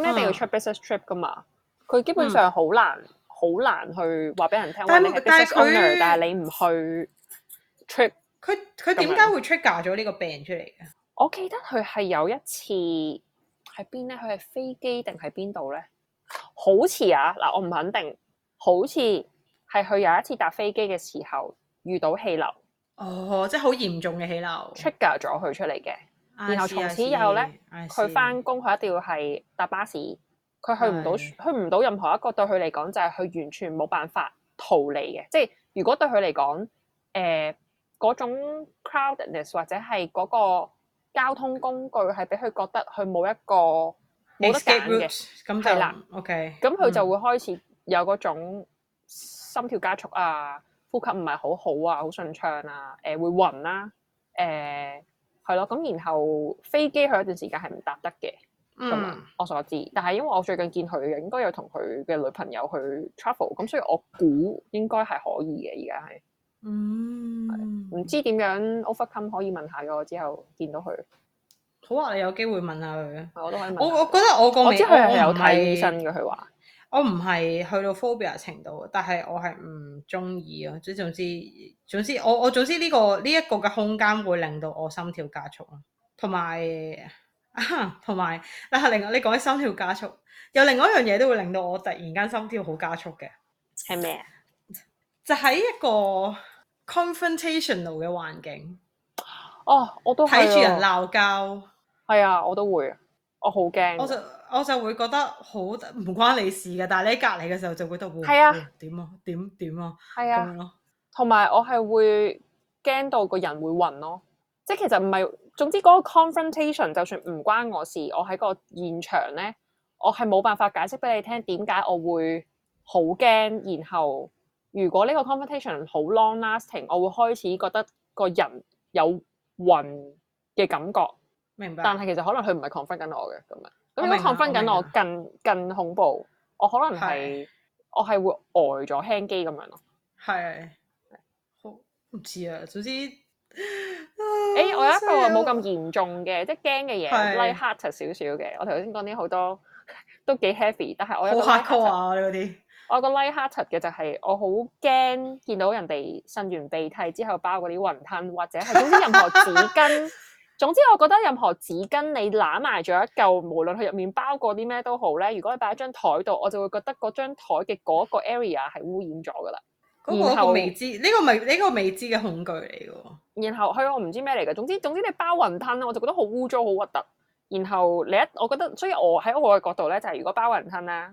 咁你一定要出 business trip 噶嘛？佢、嗯、基本上好難，好難去話俾人聽。但係你係 business owner，但係佢，但係你唔去 trip，佢佢點解會 trigger 咗呢個病出嚟嘅？我記得佢係有一次喺邊咧，佢係飛機定喺邊度咧？好似啊，嗱，我唔肯定，好似係佢有一次搭飛機嘅時候遇到氣流，哦，即係好嚴重嘅氣流，trigger 咗佢出嚟嘅。然後從此以後咧，佢返工佢一定要係搭巴士，佢 I see. 去唔到是去唔到任何一個對佢嚟講就係佢完全冇辦法逃離嘅。即係如果對佢嚟講，誒、呃、嗰種 crowdedness 或者係嗰個交通工具係俾佢覺得佢冇一個冇得揀嘅，係啦 Escape routes, 的。的 OK，咁佢就會開始有嗰種心跳加速啊，呼吸唔係好好啊，好順暢啊，誒、呃、會暈啦、啊，誒、呃。呃呃呃係咯，咁然後飛機去一段時間係唔搭得嘅，咁啊、嗯、我所知。但係因為我最近見佢嘅，應該有同佢嘅女朋友去 travel，咁所以我估應該係可以嘅，而家係。嗯，係唔知點樣 overcome 可以問下我之後見到佢。好啊，你有機會問下佢，我都可以問。我我覺得我個我知佢係有睇醫生嘅，佢話。我唔係去到 phobia 程度，但係我係唔中意咯。總之總之我我總之呢個呢一個嘅空間會令到我心跳加速咯，同埋同埋，但係另外你講起心跳加速，有另外一樣嘢都會令到我突然間心跳好加速嘅。係咩？就喺一個 confrontational 嘅環境。哦，我都睇住人鬧交。係啊，我都會，我好驚。我我就會覺得好唔關你事嘅，但係你喺隔離嘅時候就會覺得會點啊點點啊，係、哎、啊，同埋、啊啊啊、我係會驚到個人會暈咯。即係其實唔係，總之嗰個 confrontation 就算唔關我事，我喺個現場咧，我係冇辦法解釋俾你聽點解我會好驚。然後如果呢個 confrontation 好 long-lasting，我會開始覺得個人有暈嘅感覺。明白。但係其實可能佢唔係 confront 緊我嘅咁樣。咁樣抗分緊，我更我更，更恐怖。我可能係的我係會呆咗 hang 機咁樣咯。係的，唔對知啊。總之，誒、啊欸，我有一個冇咁嚴重嘅，我即係驚嘅嘢 light-hearted 少少嘅。我頭先講啲好多都幾 heavy 但係我好刻骨啊！我哋啲、就是，我個 light-hearted 嘅就係我好驚見到人哋擤完鼻涕之後包嗰啲雲吞，或者係總之任何紙巾。 [LAUGHS] 總之我覺得任何紙巾你攬埋咗一嚿，無論佢入面包過啲咩都好咧。如果你擺喺張台度，我就會覺得嗰張台嘅嗰個 area 係污染咗噶啦。嗰、嗰個、然後個未知呢、呢個咪呢、呢個未知嘅恐懼嚟嘅。然後係我唔知咩嚟嘅。總之總之你包雲吞咯，我就覺得好污糟好核突。然後你一我覺得，所以我喺我嘅角度咧，就係、係、如果包雲吞咧，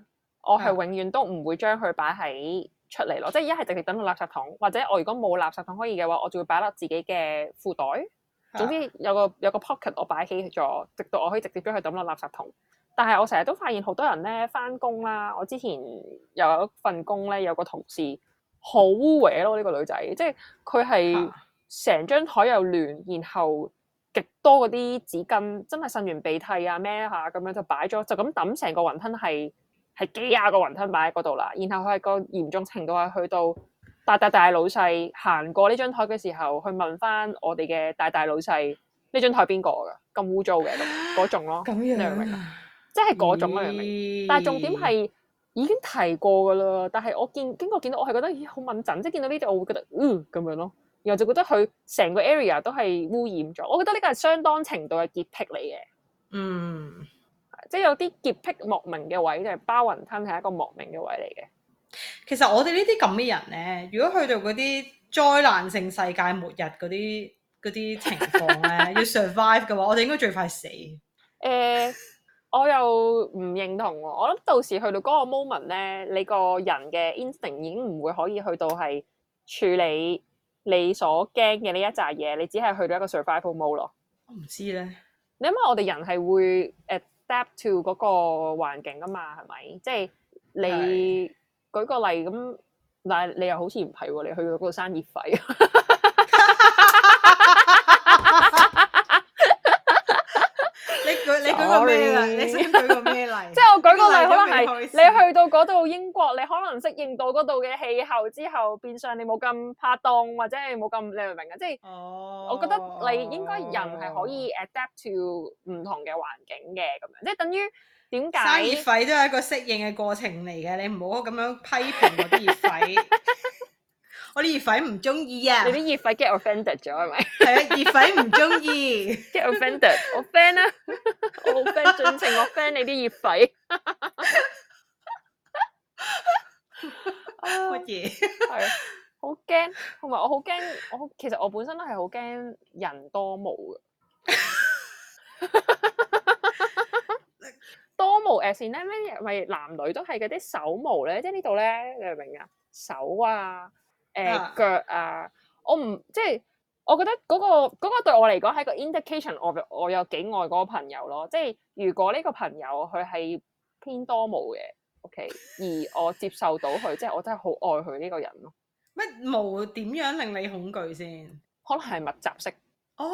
我係永遠都唔會將佢擺喺出嚟咯。啊、即係一係直接抌落垃圾桶，或者我如果冇垃圾桶可以嘅話，我就會擺落自己嘅褲袋。總之有個有個 pocket 我擺起咗，直到我可以直接將佢抌落垃圾桶。但係我成日都發現好多人咧，返工啦，我之前有一份工咧，有個同事好污糟咯，呢、呢個女仔即係佢係成張台又亂，然後極多嗰啲紙巾真係擤完鼻涕啊咩下咁樣就擺咗，就咁抌成個雲吞係係幾廿個雲吞擺喺嗰度啦。然後佢係個嚴重程度係去到。大大大老細行過呢張台嘅時候，去問翻我哋嘅大大老細呢張台邊個㗎？咁污糟嘅嗰種咯，咁樣明唔明？即係嗰種啊，明、欸？但係重點係已經提過㗎啦。但係我見經過見到，我係覺得咦好敏陣，即係見到呢啲，我會覺得嗯咁樣咯。然後就覺得佢成個 area 都係污染咗。我覺得呢個係相當程度嘅潔癖嚟嘅。嗯，即係有啲潔癖莫名嘅位，就係包雲吞係一個莫名嘅位嚟嘅。其實我哋呢啲咁嘅人咧，如果去到嗰啲災難性世界末日嗰啲嗰啲情況咧，要 survive 嘅話，我哋應該最快死。誒，我又唔認同喎。我諗到時去到嗰個 moment 咧，你個人嘅 instinct 已經唔會可以去到係處理你所驚嘅呢一紮嘢，你只係去到一個 survival mode 咯。我唔知咧。你諗下，我哋人係會 adapt to 嗰個環境㗎嘛？係咪？即係你。舉個例咁，但係你又好似唔係喎，你去到嗰度生意廢。 [LAUGHS] [LAUGHS] [LAUGHS] 你舉你舉個咩例？Sorry. 你識舉個咩例？ [LAUGHS] 即係我舉個例， [LAUGHS] 可能係你去到嗰度英國，你可能適應到嗰度嘅氣候之後，變相你冇咁怕凍，或者係冇咁你明唔明啊？即係，oh. 我覺得你應該人係可以 adapt to 唔同嘅環境嘅咁樣，即係等於。點解？生熱費都係一個適應嘅過程嚟嘅，你唔好咁樣批評嗰啲熱費。我啲熱費唔中意啊！你啲熱費 get offended 咗係咪？係啊，熱費唔中意，get offended。我 friend 啊，我好驚盡情我 friend 你啲熱費。乜嘢？係，好驚，同埋我好驚，我其實我本身都係好驚人多毛噶。 [LAUGHS] 多毛誒，先咧咩？咪男女都係嘅啲手毛咧，即係呢度咧，你明唔明啊？手啊，誒腳啊，我唔即係，我覺得嗰個嗰個對我嚟講係個 indication，我我有幾愛嗰個朋友咯。即係如果呢個朋友佢係偏多毛嘅，OK，而我接受到佢，即係我真係好愛佢呢個人咯。乜毛點樣令你恐懼先？可能係密集式。哦，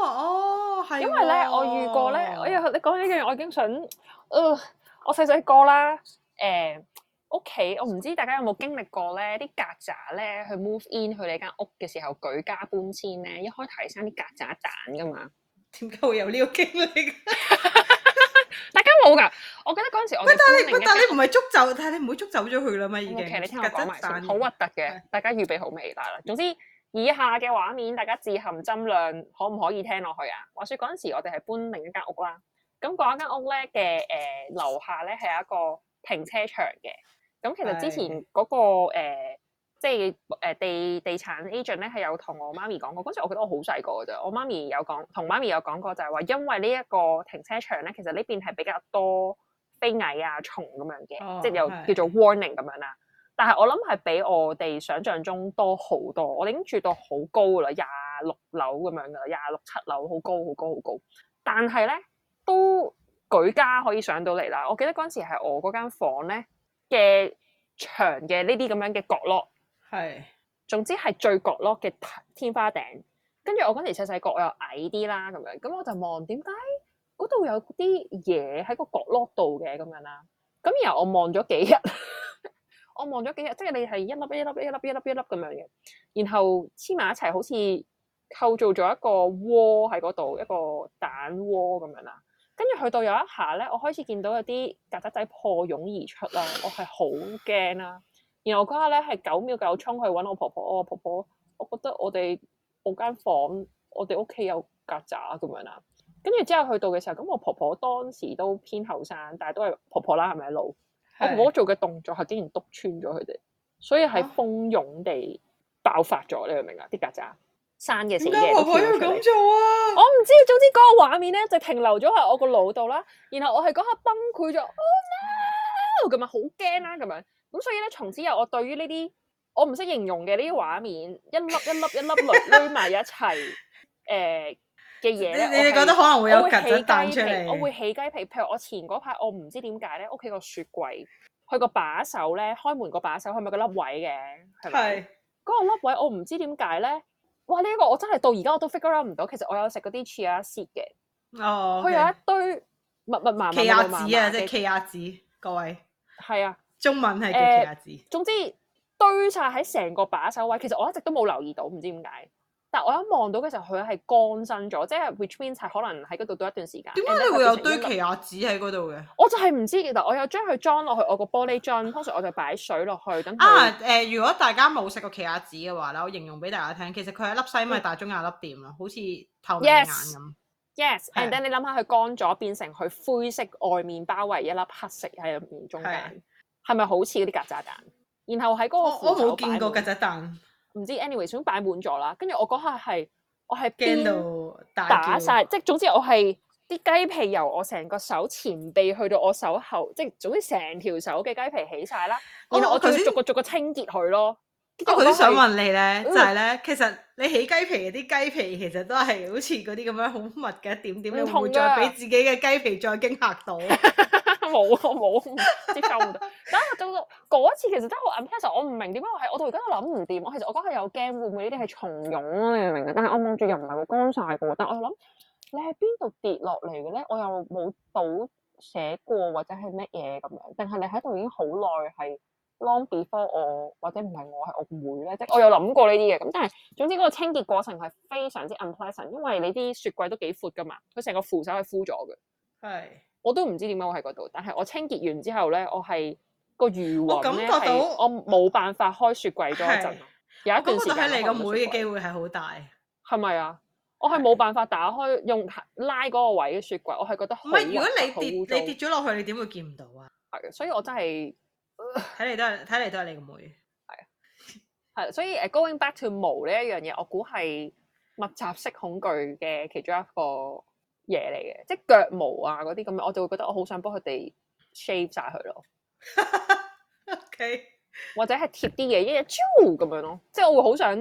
哦。因為咧，我遇過咧，我又你講呢樣嘢，我已經想，誒、呃，我細細個啦，誒、欸，屋企我唔知大家有冇經歷過咧，啲曱甴咧去 move in 去你間屋嘅時候，舉家搬遷咧，一開頭生啲曱甴蛋㗎嘛，點解會有呢個經歷？ [LAUGHS] 大家冇㗎，我記得嗰陣時我但，但你但你唔係捉走，但係你唔會捉走咗佢啦嘛，媽媽已經。你聽我講埋，好核突嘅，的大家預備好未？嚟啦。總之。以下嘅畫面，大家自行斟量，可唔可以聽落去啊？話説嗰陣時，我哋係搬另一間屋啦。咁嗰間屋咧嘅誒樓下咧係有一個停車場嘅。咁其實之前嗰、嗰個的、呃、即係誒、呃、地地產 agent 咧係有同我媽咪講過。嗰時我覺得我好細個嘅啫。我媽咪有講，同媽咪有講過就係話，因為呢一個停車場咧，其實呢邊係比較多飛蟻啊、蟲咁樣嘅，哦、即係是又叫做 warning 咁樣啦。但係我諗係比我哋想象中多好多，我已經住到好高啦，廿六樓咁樣噶，廿六七樓，好高，好高，好高。但係咧都舉家可以上到嚟啦。我記得嗰陣時係我嗰間房咧嘅長嘅呢啲咁樣嘅角落，係是，總之係最角落嘅天花頂。跟住我嗰時細細個，我又矮啲啦，咁樣，咁我就望，點解嗰度有啲嘢喺個角落度嘅咁樣啦？咁然後我望咗幾日。我望咗幾日，即係你係一粒一粒一粒一粒一粒咁樣嘅，然後黐埋一齊，好似構造咗一個窩喺嗰度，一個蛋窩咁樣啦。跟住去到有一下咧，我開始見到有啲曱甴仔破蛹而出啦，我係好驚啦。然後嗰下咧係九秒九衝去揾我婆婆，我婆婆，我覺得我哋我間房，我哋屋企有曱甴咁樣啦。跟住之後去到嘅時候，咁我婆婆當時都偏後生，但係都係婆婆啦，係咪老？我冇做嘅動作，係竟然督穿咗佢哋，所以係蜂擁地爆發咗，你明唔明啊？啲曱甴生嘅死嘢都做咁做啊！ [LAUGHS] 我唔知，總之嗰個畫面咧就停留咗喺我個腦度啦。然後我係嗰刻崩潰咗，咁、oh, no、樣好驚啦，咁、啊、樣咁，所以咧，從此以後我對於呢啲我唔識形容嘅呢啲畫面，一粒一粒一粒落堆埋一齊，誒。 [LAUGHS] 呃你你覺得可能會有吉彈出嚟？我，是我會起雞皮。譬如我前嗰排，我唔知點解咧，屋企個雪櫃佢個把手咧，開門嗰把手係咪個凹位嘅？係。嗰是個凹位我唔知點解咧。哇！呢、這、一個我真係到而家我都 figure 唔到。其實我有食嗰啲 e 亞籽嘅。哦。佢、okay、有一堆密密麻麻嘅麻。奇亞籽啊，A、Z, 的即係奇亞籽，A、Z, 各位。係啊。中文係叫奇亞籽。總之堆晒喺成個把手位，其實我一直都冇留意到，唔知點解。我一望到嘅時候，佢係乾身咗，即係 which means, 可能喺嗰度都一段時間。點解你會有堆奇亞籽喺嗰度嘅？我就係唔知，其實我有將佢裝落去我個玻璃樽，通常我就擺水落去等。啊誒、呃！如果大家冇食過奇亞籽嘅話咧，我形容俾大家聽，其實佢係粒西米大中 Yeah. 眼粒點咯，好似透明眼咁。Yes，and then 你諗下佢乾咗變成佢灰色，外面包圍一粒黑色喺入面中間，係咪好似嗰啲曱甴蛋？蛋然後喺嗰個，我冇見過曱甴蛋。唔知 anyway，總之擺滿咗啦。跟住我嗰下係，我係驚到打晒，即係總之我係啲雞皮由我成個手前臂去到我手後，即係總之成條手嘅雞皮起晒啦。我然住後我就逐個才逐個清潔佢咯。不過佢都想問你咧，嗯、就係咧，其實你起雞皮啲雞皮其實都係好似嗰啲咁樣好密嘅一點點，同你會唔會再俾自己嘅雞皮再驚嚇到？ [LAUGHS] 冇啊，冇接受唔到。咁我到到嗰次，其實真係好 unpleasant。我唔明點解我係，我到而家都諗唔掂。我其實我嗰下有驚會唔會呢啲係蟲蛹啊？你明唔明？但係我望住又唔係會乾晒嘅。但係我又諗，你喺邊度跌落嚟嘅咧？我又冇倒寫過或者係咩嘢咁樣？定係你喺度已經好耐係 long before 我，或者唔係我係我妹咧？即係我有諗過呢啲嘢。咁但係總之嗰個清潔過程係非常之 unpleasant 因為你啲雪櫃都幾闊㗎嘛，佢成個扶手係敷咗嘅。係、哎。我都唔知點解我喺嗰度。但係我清潔完之後咧，我係個我感覺到我冇辦法開雪櫃咗一陣，是有一段時間睇你個妹嘅機會係好大，係咪啊？我係冇辦法打開用拉嗰個位嘅雪櫃，我係覺得唔係，如果你跌你跌咗落去，你點會見唔到啊？係嘅，所以我真係睇嚟都係睇嚟都係你個妹，係啊是的，係。 [LAUGHS] 所以誒，going back to 毛呢一樣嘢，我估係密集式恐懼嘅其中一個。嘢嚟嘅，即係腳毛啊嗰啲咁樣，我就會覺得我好想幫佢哋 shave 曬佢咯。OK，或者係貼啲嘢，一日揪咁樣咯，即係我會好想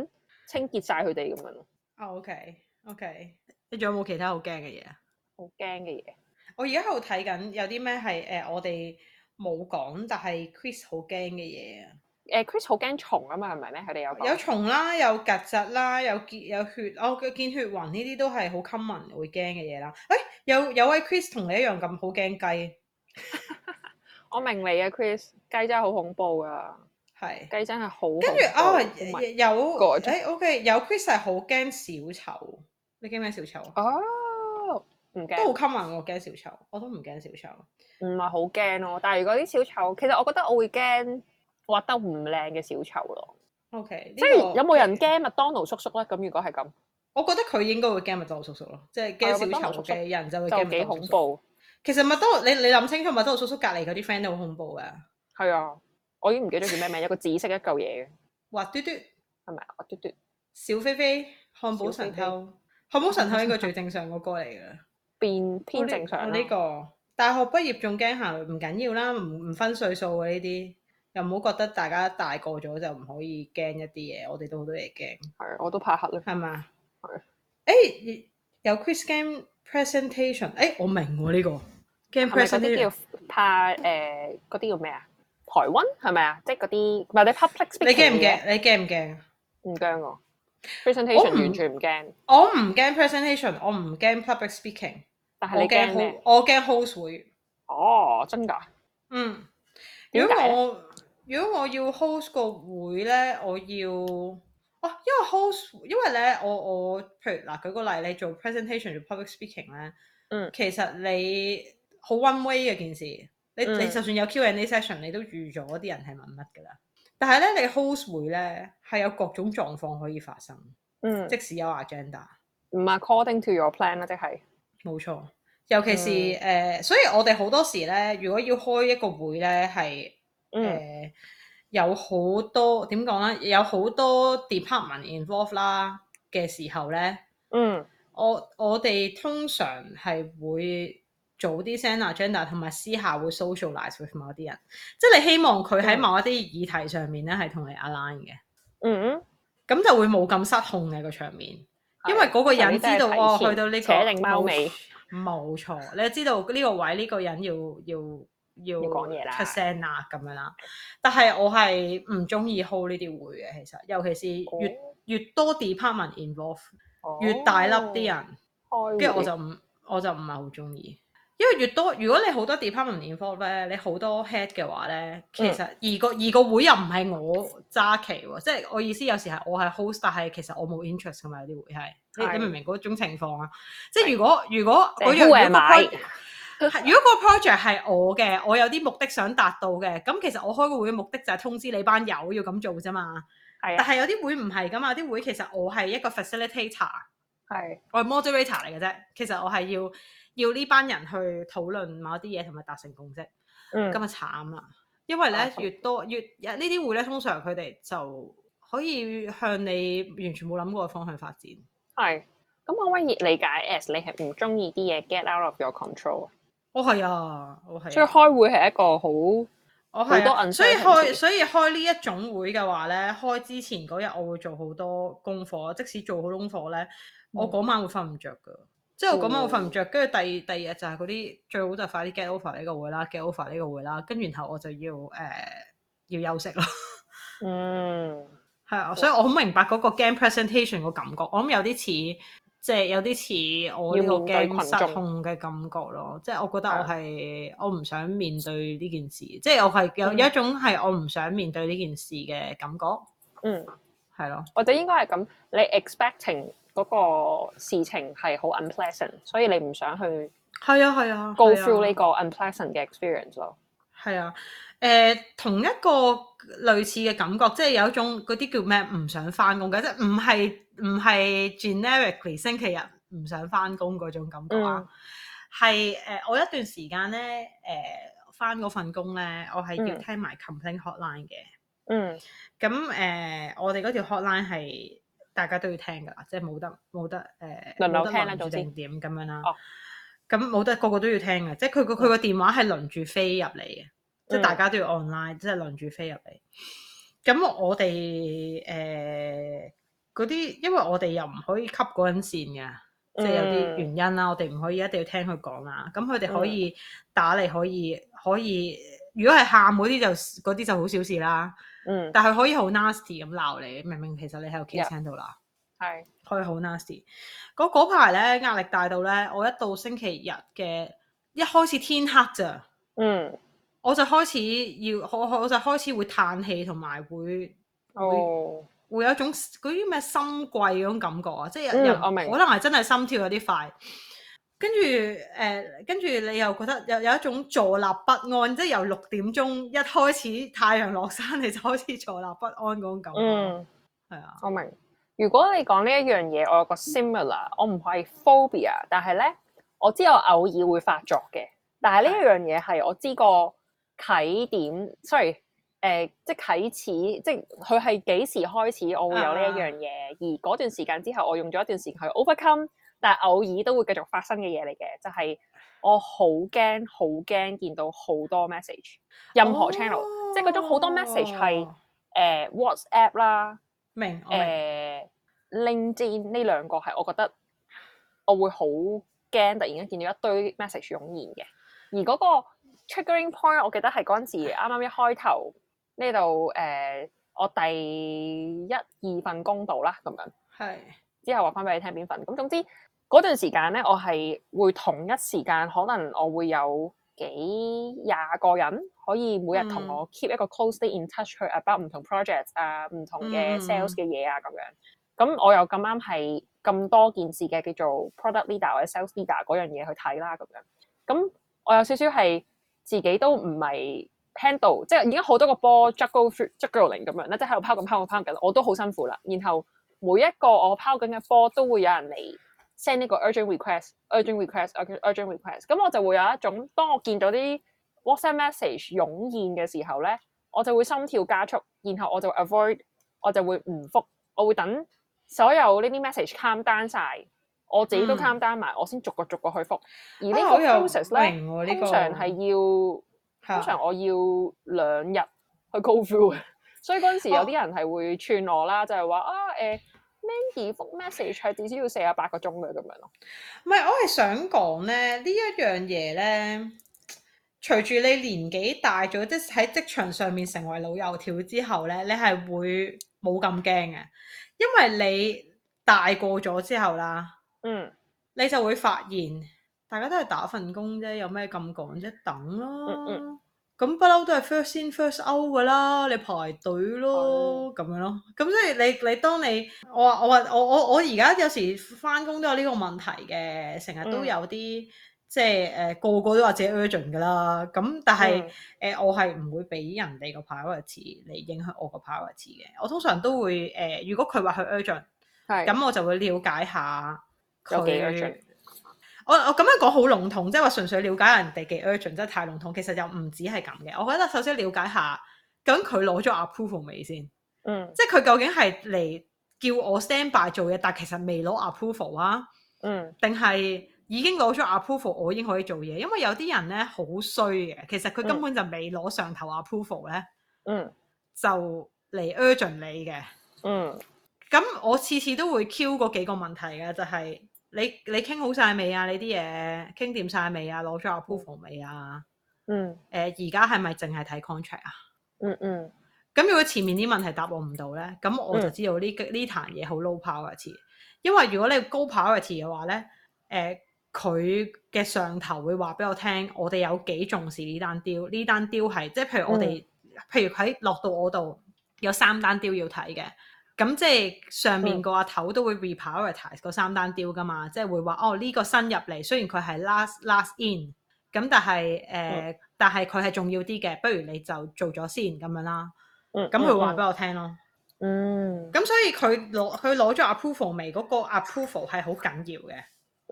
清潔晒佢哋咁樣咯。啊 OK OK，你仲有冇其他好驚嘅嘢啊？好驚嘅嘢，我而家喺度睇緊有啲咩係誒我哋冇講，但係 Chris 好驚嘅嘢啊！誒，Chris 好驚蟲啊嘛，係咪咧？佢哋有蟲有蟲啦，有曱甴啦，有見有血，我見見血暈呢啲都係好 common 會驚嘅嘢啦。誒，有有、哎、有有位 Chris 同你一樣咁好驚雞， [LAUGHS] [LAUGHS] 我明你嘅、啊、Chris 雞真係好恐怖噶、啊，係是雞真係好。跟住啊，哦 oh、my 有誒、哎、OK，有 Chris 係好驚小丑，你驚咩小丑啊？哦，oh，唔驚都好 common 喎，驚小丑，我都唔驚小丑，唔係好驚咯。但係如果啲小丑，其實我覺得我會驚。畫得唔靚嘅小丑咯。O K，即係有冇人驚麥當勞叔叔咧？咁如果係咁，我覺得佢應該會驚麥當勞叔叔咯，即係驚小丑嘅人就會驚麥當勞叔叔，就幾恐怖。其實麥當勞，你你諗清楚，麥當勞叔叔隔籬嗰啲 friend 都好恐怖㗎。係啊，我已經唔記得叫咩名，一個紫色一嚿嘢嘅，滑嘟嘟係咪啊？滑嘟嘟、小飛飛、漢堡神偷。漢堡神偷應該最正常嘅歌嚟嘅。變，偏正常。呢個大學畢業仲驚下，唔緊要啦，唔唔分歲數嘅呢啲。又唔好覺得大家大個咗就唔可以驚一啲嘢，我哋都好多嘢驚。係我都怕黑咧。係咪啊？係是。誒、欸，有 Chris game presentation、欸。誒，我明喎呢、啊呢個。game presentation 係啲叫、呃、是是怕誒嗰啲叫咩啊？台灣係咪啊？即係嗰啲。唔係，你 public speaking 你驚唔驚？你驚唔驚？唔驚我。presentation 完全唔驚。我唔驚 presentation，我唔驚 public speaking。但係你驚咩？我驚 host 會。哦，真㗎。嗯。如果我。如果我要 host 個會咧，我要，哇、啊，因為 host，因為咧，我我，譬如嗱，舉個例，你做 presentation 做 public speaking 咧，嗯，其實你好 one way 嘅件事，你你就算有 Q and A session，你都預咗啲人係問乜㗎啦。但係咧，你 host 會咧係有各種狀況可以發生，嗯，即使有 agenda，唔 according to your plan 啦、就是，即係，冇錯，尤其是誒、嗯呃，所以我哋好多時咧，如果要開一個會咧，係。誒有好多點講咧，有好多 department involve 啦嘅時候咧，嗯，我我哋通常係會早啲 send agenda，同埋私下會 socialize with 某啲人，即係你希望佢喺某一啲議題上面咧係同你 align 嘅，嗯，咁就會冇咁失控嘅個場面，嗯、因為嗰個人知道我、嗯喔、去到呢、呢個，冇讓毛、呃、錯，你知道呢個位呢個人要要。要講嘢啦，出聲啦咁樣啦。但係我係唔中意 hold 呢啲會嘅，其實尤其是越、oh. 越多 department involve，、oh. 越大粒啲人，跟住、oh. 我就唔我就唔係好中意。因為越多如果你好多 department involve 咧，你好多 head 嘅話咧，其實、mm. 而個而個會又唔係我揸旗，即係我意思有時係我係 host，但係其實我冇 interest 㗎嘛呢會係是，你明唔明嗰種情況啊？即係是如果如果嗰樣如 [LAUGHS] 如果個 project 係我嘅，我有啲目的想達到嘅，咁其實我開個會嘅目的就係通知你班友要咁做啫嘛。係的，但係有啲會唔係㗎嘛，有啲會其實我係一個 facilitator，係的我係 moderator 嚟嘅啫。其實我係要要呢班人去討論某啲嘢，同埋達成共識。嗯，今日慘啦，因為咧的越多越呢啲會咧，通常佢哋就可以向你完全冇諗過嘅方向發展。係，咁我可以理解 as 你係唔中意啲嘢 get out of your control。我係啊，我係。所以開會係一個好，我係啊，好多 uncertainty，所以開，所以開呢一種會嘅話咧，開之前嗰日我會做好多功課。即使做好功課咧，我嗰晚會瞓唔着嘅。即係我嗰晚我瞓唔着，跟住第第二日就係嗰啲最好就快啲 get over 呢個會啦，get over 呢個會啦。跟住然後我就要誒、uh, 要休息咯。 [LAUGHS] 嗯，係 [LAUGHS] 啊，所以我好明白嗰個 game presentation 個感覺，我諗有啲似。即係有啲似我呢個嘅失控嘅感覺咯，即係我覺得我係我唔想面對呢件事，啊、即係我係有有一種係我唔想面對呢件事嘅感覺。嗯，係咯，或者應該係咁，你 expecting 嗰個事情係好 unpleasant，所以你唔想去、啊。係啊係啊，go through 呢個、啊、unpleasant 嘅 experience 咯。係啊，誒、呃，同一個類似嘅感覺，即係有一種嗰啲叫咩唔想返工嘅，即係唔係。唔係 generically 星期日唔想翻工嗰種感覺啊，係誒、嗯呃、我一段時間咧誒翻嗰份工咧，我係要聽埋 complain hotline 嘅。嗯，咁誒、呃、我哋嗰條 hotline 係大家都要聽㗎，即係冇得冇得誒冇、呃、輪流 得輪住定點咁樣啦。哦，咁冇、啊、得個個都要聽㗎，即係佢個佢個電話係輪住飛入嚟嘅，嗯、即係大家都要 online，即係輪住飛入嚟。咁、嗯嗯、我哋誒。嗰啲，因為我哋又唔可以吸嗰根線嘅，即係有啲原因啦。嗯、我哋唔可以，一定要聽佢講啦。咁佢哋可以打你，嗯、可以可以。如果係喊嗰啲，就嗰啲就好小事啦。嗯。但係可以好 nasty 咁鬧你，明明其實你喺度 case 聽到啦。係、嗯。可以好 nasty。嗰排咧壓力大到咧，我一到星期日嘅一開始天黑咋。嗯。我就開始要我，我就開始會嘆氣同埋會。會哦。會有一種嗰啲咩心悸嗰種感覺啊！即係人、嗯、我明、可能係真係心跳有啲快，跟住誒，跟、呃、住你又覺得有有一種坐立不安，即係由六點鐘一開始太陽落山，你就開始坐立不安嗰種感覺。嗯，係啊，我明。如果你講呢一樣嘢，我有個 similar，我唔係 phobia，但係咧，我知我偶爾會發作嘅。但係呢一樣嘢係我知個啟點，雖然、嗯。Sorry，誒、呃，即係啓始，即係佢係幾時開始，我會有呢一樣嘢。啊、而嗰段時間之後，我用咗一段時間去 overcome，但係偶爾都會繼續發生嘅嘢嚟嘅，就係、是、我好驚，好驚見到好多 message，任何 channel，哦、即係嗰種好多 message 係誒 WhatsApp 啦白，呃、明誒 LinkedIn 呢兩個係我覺得我會好驚，突然間見到一堆 message 湧現嘅。而嗰個 triggering point，我記得係嗰陣時啱啱一開頭。呢度誒，我第一二份工度啦，咁樣。係是。之後話翻俾你聽邊份？咁總之嗰段時間咧，我係會同一時間，可能我會有幾廿個人可以每日同我 keep 一個 close 啲 in touch 去 about 唔、嗯、同 project 啊、唔同嘅 sales 嘅嘢啊咁樣。咁、嗯、我又咁啱係咁多件事嘅，叫做 product leader 或者 sales leader 嗰樣嘢去睇啦，咁樣。咁我有少少係自己都唔係。Handle 即係已經好多個波 juggle juggling 咁樣咧，即係喺度拋緊拋緊拋緊，我都好辛苦啦。然後每一個我拋緊嘅波都會有人嚟 send 呢個 urgent request，urgent request，urgent request。咁我就會有一種，當我見到啲 WhatsApp message 湧現嘅時候咧，我就會心跳加速，然後我就 avoid，我就會唔覆，我會等所有呢啲 message calm down 曬，我自己都 calm down 埋、嗯，我先逐，逐個逐個去覆。而呢個 process 咧，啊、通常係要。嗯嗯。通常我要兩日去 go through，所以嗰陣時有啲人係會串我啦，哦、就係話啊誒 Mandy 覆 message 係至少要四十八個鐘嘅咁樣咯。唔係，我係想講咧呢一樣嘢咧，隨住你年紀大咗，即係喺職場上面成為老油條之後咧，你係會冇咁驚嘅，因為你大過咗之後啦，嗯，你就會發現。大家都係打份工啫，有咩咁講啫？等咯，咁不嬲都係 first in first out 噶啦，你排隊咯，咁的樣咯。咁即係你你當你我話我話我我我而家有時翻工都有呢個問題嘅，成日都有啲、嗯、即係誒個個都話自己 urgent 噶啦。咁但係誒、嗯呃、我係唔會俾人哋個 priority 嚟影響我個 priority 嘅。我通常都會誒、呃，如果佢話佢 urgent，係咁的我就會了解下佢。我我咁樣講好籠統，即係話純粹了解人哋嘅 urgent，真係太籠統。其實又唔止係咁嘅。我覺得首先了解下，咁佢攞咗 approval 未先？嗯，即係佢究竟係嚟叫我 stand by 做嘢，但係其實未攞 approval 啊？嗯，定係已經攞咗 approval，我已經可以做嘢？因為有啲人咧好衰嘅，其實佢根本就未攞上頭 approval 咧、嗯嗯。嗯，就嚟 urgent 你嘅。嗯，咁我次次都會 cue 嗰幾個問題嘅，就係、是。你你傾好晒未啊？你啲嘢傾掂晒未啊？攞咗 approve 未啊？嗯。誒，而家係咪淨係睇 contract 啊？嗯嗯。咁如果前面啲問題答我唔到咧，咁我就知道呢呢、嗯、壇嘢好 low power 嘅詞。因為如果你高 power 嘅詞嘅話咧，誒佢嘅上頭會話俾我聽，我哋有幾重視呢單 deal。呢單 deal e 係即係譬如我哋，嗯、譬如喺落到我度有三單 deal 要睇嘅。咁即係上面個阿頭都會 re-prioritize 個三單 deal 㗎嘛，即係會話哦呢、呢個新入嚟，雖然佢係 last last in，咁但係誒，呃嗯、但係佢係重要啲嘅，不如你就做咗先咁樣啦。嗯，咁佢話俾我聽咯。嗯，咁所以佢攞佢攞咗 approval 未？嗰 appro、嗰個 approval 係好緊要嘅。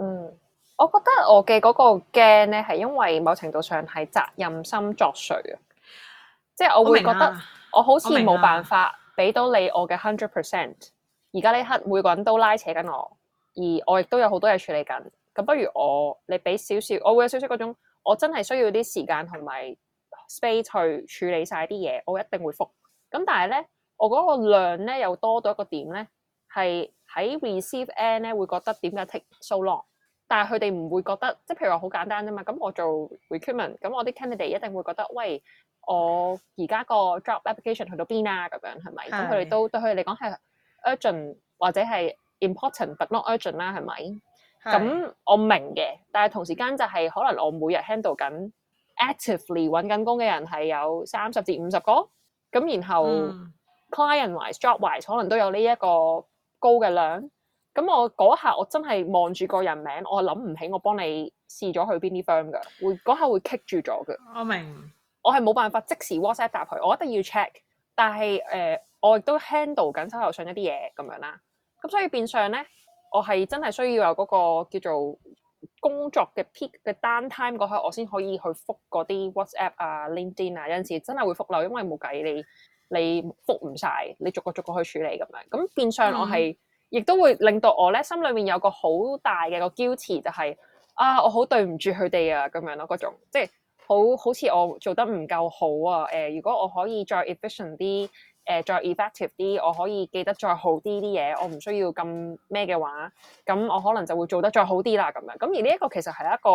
嗯，我覺得我嘅嗰個驚咧係因為某程度上係責任心作祟啊，即係我會覺得我，我好似冇辦法。俾到你我嘅 hundred percent，而家呢刻每個人都拉扯緊我，而我亦都有好多嘢處理緊。咁不如我你俾少少，我會有少少嗰種，我真係需要啲時間同埋 space 去處理晒啲嘢，我一定會覆。咁但係咧，我嗰個量咧又多到一個點咧，係喺 receive end 咧會覺得點解 take so long？但係佢哋唔會覺得，即係譬如話好簡單啫嘛。咁我做 recruitment，咁我啲 candidate 一定會覺得，喂，我而家個 job application 去到邊啊？咁樣係咪？咁佢哋都對佢哋嚟講係 urgent 或者係 important，but not urgent 啦，係咪？咁我明嘅，但係同時間就係可能我每日 handle 緊 actively 揾緊工嘅人係有三十至五十個，咁然後 client wise、job wise 可能都有呢一個高嘅量。咁我嗰下我真係望住個人名，我諗唔起我幫你試咗去邊啲 firm 嘅，會 kick 住咗嘅。我明，我係冇辦法即時 WhatsApp 答、啊、佢，我一定要 check 但。但係誒，我亦都 handle 緊手頭上一啲嘢咁樣啦。咁所以變相咧，我係真係需要有嗰、那個叫做工作嘅 peak 嘅 downtime 嗰下，我先可以去復嗰啲 WhatsApp 啊、LinkedIn 啊、有陣時真係會復漏，因為冇計你你復唔晒，你，你，你逐個逐個逐個去處理咁樣。咁變相我係。嗯亦都會令到我咧心裏面有個好大嘅個 guilty、就是，就係啊，我對啊好對唔住佢哋啊咁樣咯，嗰種即係好好似我做得唔夠好啊。誒、呃，如果我可以再 efficient 啲，誒、呃、再 effective 啲，我可以記得再好啲啲嘢，我唔需要咁咩嘅話，咁我可能就會做得再好啲啦咁樣。咁而呢一個其實係一個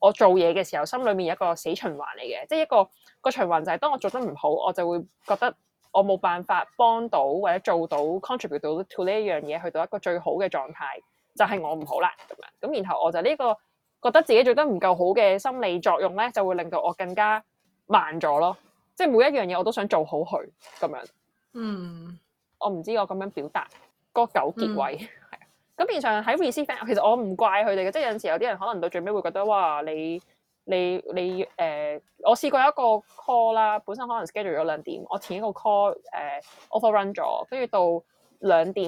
我做嘢嘅時候心裏面有一個死循環嚟嘅，即係一個一個循環就係、是、當我做得唔好，我就會覺得。我冇辦法幫到或者做到 contribute 到 to 呢一樣嘢，去到一個最好嘅狀態，就係、是、我唔好啦，咁樣。咁然後我就呢、這個覺得自己做得唔夠好嘅心理作用咧，就會令到我更加慢咗咯。即係每一樣嘢我都想做好佢咁樣。嗯，我唔知我咁樣表達嗰個糾結位係。咁平常喺 receiver，其實我唔怪佢哋嘅，即係有陣時有啲人可能到最尾會覺得哇你。你你誒、呃、我試過一個 call 啦，本身可能 schedule 咗兩點，我前一個 call 誒 overrun 咗，跟住到兩點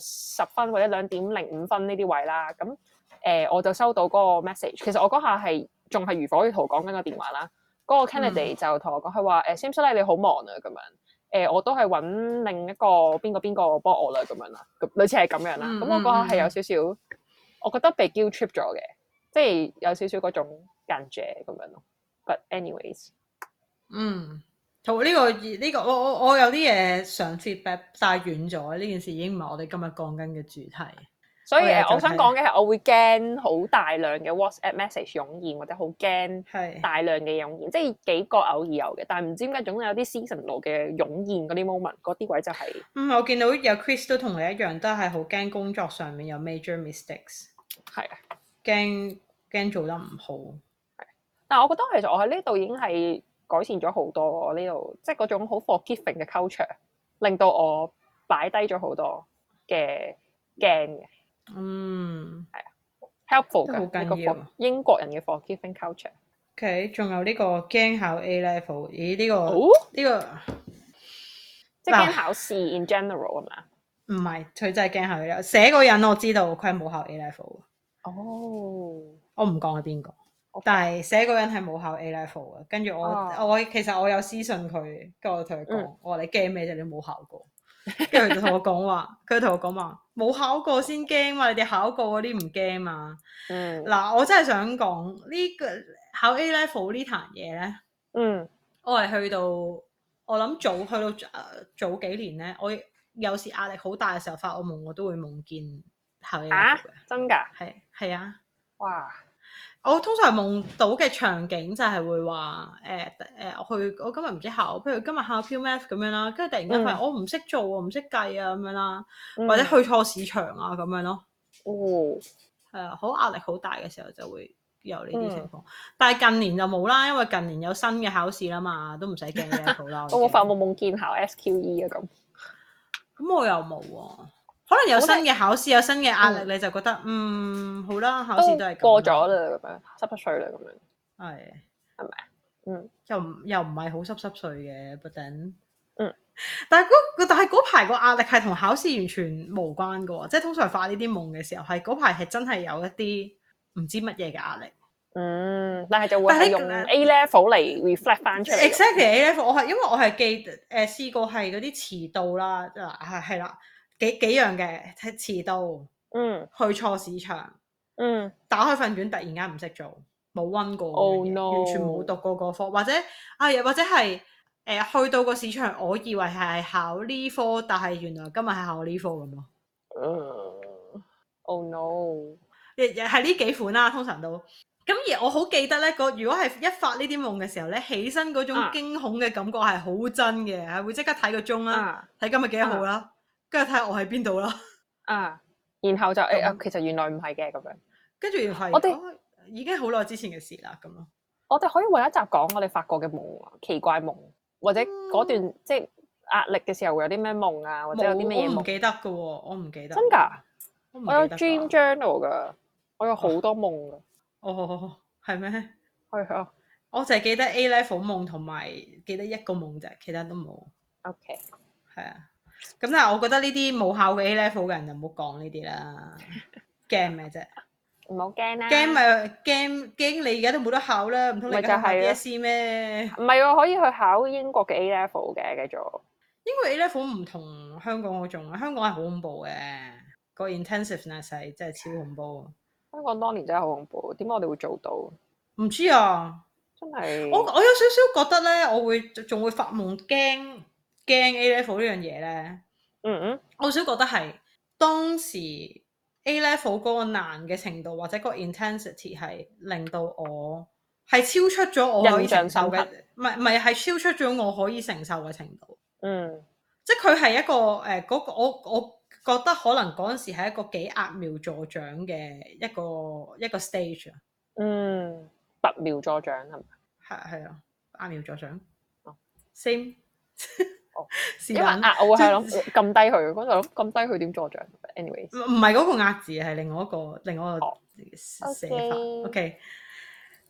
十分或者兩點零五分呢啲位啦，咁誒、呃、我就收到個 message。其實我嗰下係仲係如火如荼講緊個電話啦，嗰個 candidate 就同我講，佢話誒 sim、嗯、sorry 你好忙啊，咁樣誒、呃、我都係揾另一個邊個邊個幫我啦咁樣啦，類似係咁樣啦。咁、嗯、我嗰下係有少少，我覺得被 guilt trip 咗嘅。即係有少少嗰種人謝咁樣咯，but anyways，嗯，同、這、呢個呢、這個我我我有啲嘢上次被帶遠咗，呢件事已經唔係我哋今日講緊嘅主題。所以我、就是、我想講嘅係，我會驚好大量嘅 WhatsApp message 湧現，或者好驚大量嘅湧現，是即係幾個偶爾有嘅，但係唔知點解總有啲 seasonal 嘅湧現嗰啲 moment，嗰啲位就係、是。嗯，我見到有 Chris 都同你一樣，都係好驚工作上面有 major mistakes，係啊的，驚。驚做得唔好，係，但係我覺得其實我喺呢度已經係改善咗好多。我呢度即係嗰種好 forgiving 嘅 culture，令到我擺低咗好多嘅驚嘅，嗯，係啊，helpful 嘅，呢個英英國人嘅 forgiving culture。OK，仲有呢、這個驚考 A level，咦呢個呢個，哦這個，即係驚考試、哦、in general 啊嘛，唔係，佢真係驚考 A。A level。寫嗰人我知道佢係冇考 A level。哦。我唔講係邊個，Okay. 但係寫嗰個人係冇考 A level 嘅。跟住我，oh. 我其實我有私信佢，跟住、mm. 我同佢講：我話你驚咩啫？你冇考過。 [LAUGHS] 跟住佢就同我講話，佢同我講話冇考過先驚嘛。你哋考過嗰啲唔驚嘛？嗯。嗱，我真係想講呢、呢個考 A level 呢壇嘢咧。嗯、mm. 我係去到我諗早去到誒早幾年咧，我有時壓力好大嘅時候發噩夢，我都會夢見考 A level 嘅。嚇！真㗎？係係啊！哇！我通常夢到嘅場景就係會話誒誒我去我今日唔知考，譬如今日考 math 咁樣啦，跟住突然間發現我唔識做啊，唔識計啊咁樣啦，或者去錯市場啊咁樣咯。哦，係啊、嗯，好、嗯、壓力好大嘅時候就會有呢啲情況，嗯、但係近年就冇啦，因為近年有新嘅考試啦嘛，都唔使驚嘅好啦。我發夢 [LAUGHS] 夢見考 S Q E 啊咁，咁我又冇喎、啊。可能有新嘅考試，有新嘅壓力， [NOISE] 嗯、你就覺得嗯好啦，考試都係過咗啦，咁樣濕濕碎啦，咁樣係係咪嗯，又唔又唔係好濕濕碎嘅，but then 嗯，但係嗰但係嗰排個壓力係同考試完全無關嘅喎，即係通常發呢啲夢嘅時候，係嗰排係真係有一啲唔知乜嘢嘅壓力。嗯，但係就會用 A level 嚟 reflect 翻出嚟。Exactly A level，我係因為我係記誒試過係啲遲到啦，啊係係啦。幾幾樣嘅，遲到，嗯，去錯市場，嗯，打開份卷，突然間唔識做，冇溫過，oh, no. 完全冇讀過嗰科，或者啊，又、哎、或者係誒、呃、去到個市場，我以為係考呢科，但係原來今日係考呢科咁咯。哦、oh, no，日日係呢幾款啦、啊，通常都咁，而我好記得呢個如果係一發呢啲夢嘅時候咧，起身嗰種驚恐嘅感覺係好真嘅，係、uh, 會即刻睇個鐘啦，睇今日幾多號啦。跟住睇我喺邊度咯，啊，然後就誒，啊、哎，其實原來唔係嘅咁樣，跟住係，我哋們、哦、已經好耐之前嘅事啦，咁咯。我哋可以為一集講我哋發過嘅夢，奇怪夢或者嗰段、嗯、即係壓力嘅時候會有啲咩夢啊，或者有啲咩嘢夢？唔記得噶、哦，我唔記得，真噶是？我有 dream journal 噶，我有好多夢噶。 [LAUGHS] 哦，係咩？係啊，我淨係記得 A Level 夢同埋記得一個夢啫，其他都冇。OK，係啊。咁但係，我覺得呢啲冇考嘅 A Level 嘅人就唔好講呢啲啦，驚咩啫？唔好驚啦，驚咪驚驚，你而家都冇得考啦，唔通你而家考 DSE 咩？唔係喎，可以去考英國嘅 A Level 嘅，繼續。英國 A Level 唔同香港嗰種啊，香港係好恐怖嘅，個 intensiveness 真係超恐怖。香港當年真係好恐怖，點解我哋會做到？唔知啊，真係。我我有少少覺得咧，我會仲會發夢驚驚 A level 呢樣嘢咧，嗯嗯、mm，hmm. 我始終覺得係當時 A level 嗰個難嘅程度或者個 intensity 係令到我係超出咗我可以承受嘅，唔係唔係係超出咗我可以承受嘅程度。嗯，mm. 即係佢係一個誒、呃那個我我覺得可能嗰陣時係一個幾揠苗助長嘅一個一個 stage 啊。嗯，拔苗助長係咪？係啊係啊，揠苗助長。助長 oh. Same。 [LAUGHS] Oh, 時間因為壓我係諗咁低佢，我就咁低佢點助長？anyway 唔係嗰個壓字，係另外一個，另外一個寫法。Oh, OK，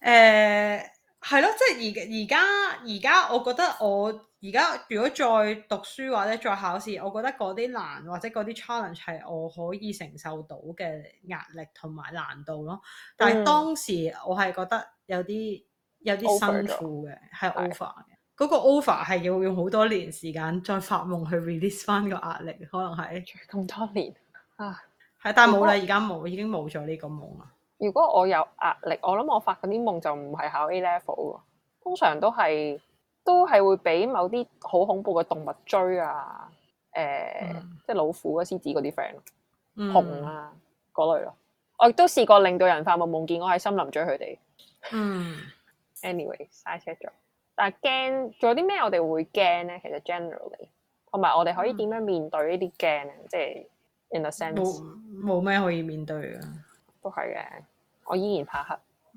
誒係咯，即係而而家而家，我覺得我而家如果再讀書或者再考試，我覺得嗰啲難或者嗰啲 challenge 係我可以承受到嘅壓力同埋難度咯。Mm hmm. 但係當時我係覺得有啲有啲辛苦嘅，係 over 嘅了。嗰個 over 係要用好多年時間再發夢去 release 翻個壓力，可能係咁多年啊，係， [LAUGHS] 但係冇啦，而家冇，已經冇咗呢個夢啦。如果我有壓力，我諗我發嗰啲夢就唔係考 A level 喎。通常都係都係會俾某啲好恐怖嘅動物追啊，誒、呃，嗯、即係老虎、獅子嗰啲 friend，熊啊嗰類咯。我亦都試過令到人發夢，夢，夢見我喺森林追佢哋。嗯，anyway，嘥車咗。但係驚，仲有啲咩我哋會驚咧？其實 generally，同埋我哋可以點樣面對呢啲驚咧？嗯，即係 in a sense 冇冇咩可以面對啊？都係嘅，我依然怕黑。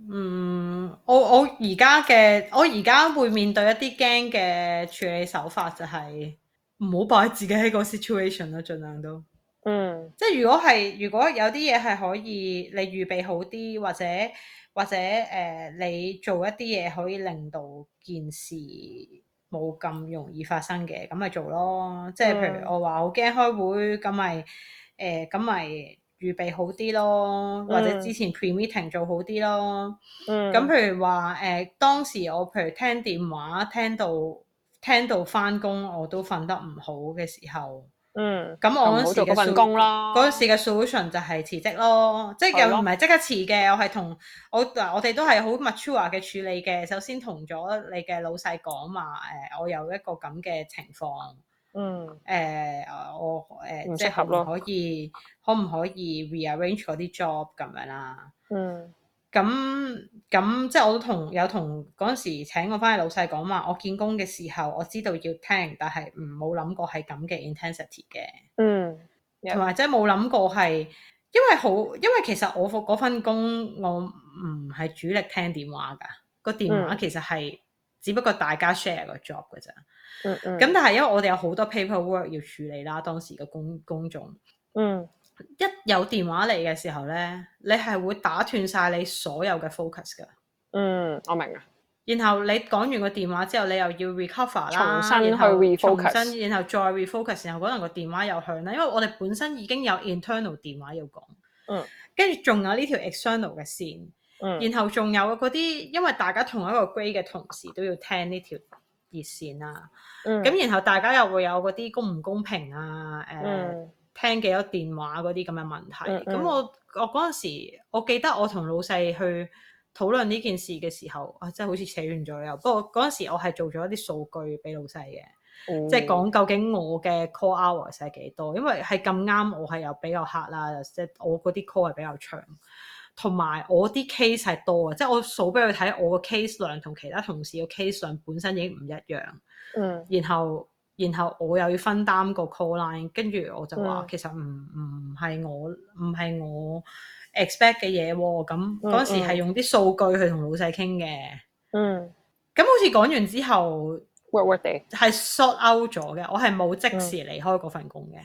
嗯，我我而家嘅我而家會面對一啲驚嘅處理手法就係唔好擺自己喺個 situation 咯，儘量都嗯，即係如果係如果有啲嘢係可以你預備好啲或者。或者誒、呃，你做一啲嘢可以令到件事冇咁容易發生嘅，咁咪做咯。即係譬如我話好驚開會，咁咪誒，咁、呃、咪預備好啲咯，或者之前 premeeting 做好啲咯。咁、嗯、譬如話誒、呃，當時我譬如聽電話聽到聽到返工，我都瞓得唔好嘅時候。嗯，咁我嗰陣時嘅份工咯，嗰陣時嘅 solution 就係辭職咯，即係又唔係即刻辭嘅，我係同我嗱，我哋都係好 mature 嘅處理嘅，首先同咗你嘅老細講話，誒、呃，我有一個咁嘅情況，嗯，誒、呃，我誒即係可唔可以，可唔可以 rearrange 嗰啲 job 咁樣啦、啊，嗯。咁咁即係我同有同嗰陣時請我翻去老細講話，我見工嘅時候我知道要聽，但係唔冇諗過係咁嘅 intensity 嘅，嗯，同埋即冇諗過係，因為好因為其實我份工我唔係主力聽電話噶，個電話其實係只不過大家 share 個 job 噶咋。嗯，咁但係因為我哋有好多 paperwork 要處理啦，當時嘅工工種，嗯。一有電話嚟嘅時候咧，你係會打斷晒你所有嘅 focus 噶。嗯，我明啊。然後你講完個電話之後，你又要 recover 啦，重新去 refocus，然後，重新然後再 refocus，然後可能個電話又響啦。因為我哋本身已經有 internal 電話要講。嗯。跟住仲有呢條 external 嘅線。嗯、然後仲有嗰啲，因為大家同一個 grade 嘅同事都要聽呢條熱線啊。嗯。咁然後大家又會有嗰啲公唔公平啊？誒、嗯。嗯聽幾多電話嗰啲咁嘅問題，咁、uh, uh. 我我嗰陣時，我記得我同老細去討論呢件事嘅時候，啊，啊真係好似扯遠咗，又不過嗰陣時我係做咗一啲數據俾老細嘅，即係講究竟我嘅 call hours 係幾多，因為係咁啱我係又比較黑啦，即係我嗰啲 call 係比較長，同埋我啲 case 係多嘅，即係我數俾佢睇，我個 case 量同其他同事嘅 case 量本身已經唔一樣，嗯，uh. 然後。然後我又要分擔個 call line，跟住我就話、嗯、其實唔唔係我唔係我 expect 嘅嘢喎、啊。咁嗰時係用啲數據去同老細傾嘅。嗯，咁好似講完之後 work work out 係 short out 咗嘅，我係冇即時離開嗰份工嘅。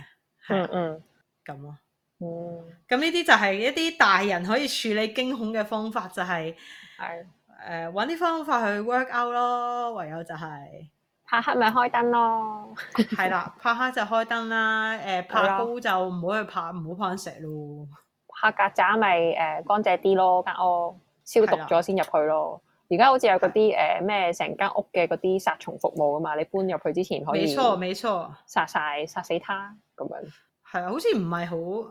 嗯嗯，咁咯係。嗯，咁呢啲就係一啲大人可以處理驚恐嘅方法，就係係誒揾啲方法去 work out 咯。唯有就係、係。怕黑咪開燈咯，係 [LAUGHS] 啦，怕黑就開燈啦，誒、呃，怕高就唔好去爬，唔好攀石咯。怕曱甴咪誒乾淨啲咯，間屋消毒咗先入去咯。而家啦好似有嗰啲誒咩成間屋嘅嗰啲殺蟲服務噶嘛，你搬入去之前可以沒錯。沒錯，沒錯。殺晒，殺死它，咁樣。係啊，好似唔係好，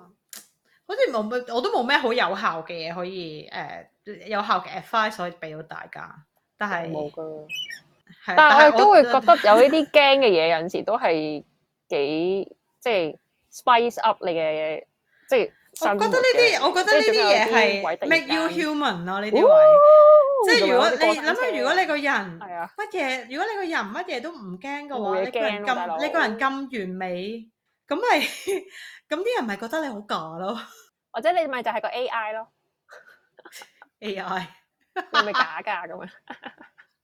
好似我冇，我都冇咩好有效嘅嘢可以，誒、呃，有效嘅 advice 可以俾到大家，但係冇噶。但係我都會覺得有呢啲驚嘅嘢，有陣時都係幾即係 spice up 你嘅嘢。即係我覺得呢啲，我覺得呢啲嘢係 make you human 咯，呢啲即係如果你諗下，如果你個人乜嘢，如果你個人乜嘢都唔驚嘅話，你個人咁，你個人咁完美，咁咪咁啲人咪覺得你好假咯？或者你咪就係個 AI 咯？AI 你咪假㗎咁啊？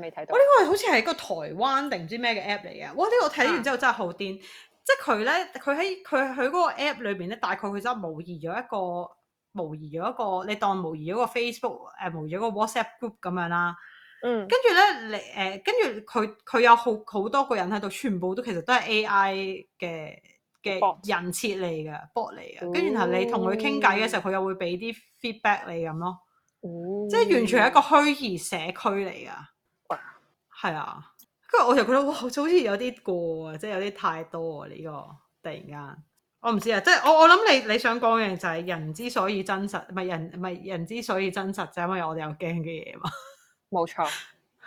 我呢、哦呢個好似係一個台灣定唔知咩嘅 app 嚟嘅，呢個、我呢個睇完之後真係好癲，啊、即係佢咧，佢喺佢佢嗰個 app 裏邊咧，大概佢真係模擬咗一個模擬咗一個，你當模擬咗個 Facebook 誒、呃、模擬咗個 WhatsApp group 咁樣啦、啊。嗯跟住呢、呃，跟住咧你誒，跟住佢佢有好好多個人喺度，全部都其實都係 AI 嘅嘅人設嚟嘅，bot 嚟嘅。跟住然後你同佢傾偈嘅時候，佢又會俾啲 feedback 你咁 feed 咯。即係、嗯嗯、完全係一個虛擬社區嚟噶。係啊，跟住我就覺得哇，就好似有啲過啊，即係有啲太多啊！呢個突然間，我唔知啊，即係我我諗你你想講嘅就係人之所以真實，唔係人唔係人之所以真實就係因為我哋有驚嘅嘢嘛。冇錯，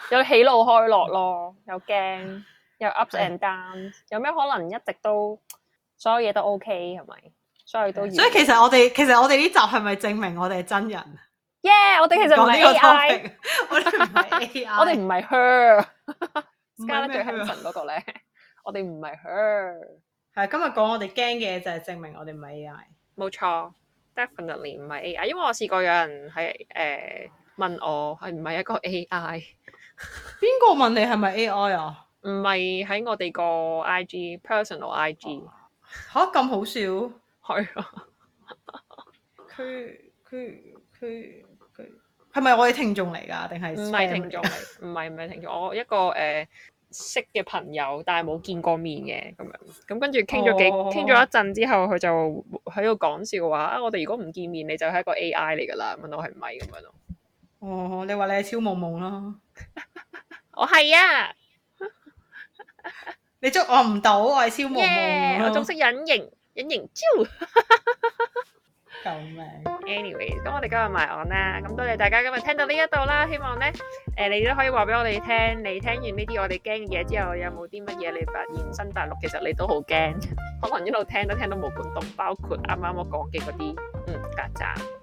有喜怒開樂咯，有驚，有 ups and down，的有咩可能一直都所有嘢都 OK 係咪？所以都所以其實我哋其實我哋呢集係咪證明我哋係真人？耶，我哋其實唔係 AI，我哋唔係 AI，我哋唔係 her。Scarlet 最精神嗰個咧，我哋唔係 her。係今日講我哋驚嘅嘢就係證明我哋唔係 AI。冇錯，definitely 唔係 AI。因為我試過有人係誒問我係唔係一個 AI。邊個問你係咪 AI 啊？唔係喺我哋個 IG personal IG。嚇咁好笑？係啊。佢佢佢。係咪我哋聽眾嚟噶？定係唔係聽眾？唔係唔係聽眾，我一個誒、uh, 識嘅朋友，但係冇見過面嘅咁樣。咁跟住傾咗幾傾咗、oh. 一陣之後，佢就喺度講笑話啊！我哋如果唔見面，你就係一個 AI 嚟噶啦。問我係唔係咁樣咯？哦、oh,，你話你係超夢夢咯？我係是啊！ [LAUGHS] [LAUGHS] 你捉我唔到，我係超夢夢、yeah, 我仲識隱形隱形招。 [LAUGHS] [LAUGHS] 救命，Anyway，咁我哋今日埋岸啦，咁多謝大家今日聽到呢一度啦，希望咧，誒、呃，你都可以話俾我哋聽，你聽完呢啲我哋驚嘅嘢之後，有冇啲乜嘢你發現新大陸？其實你都好驚，可能一路聽都聽到毛管戙，包括啱啱我講嘅嗰啲，嗯，曱甴。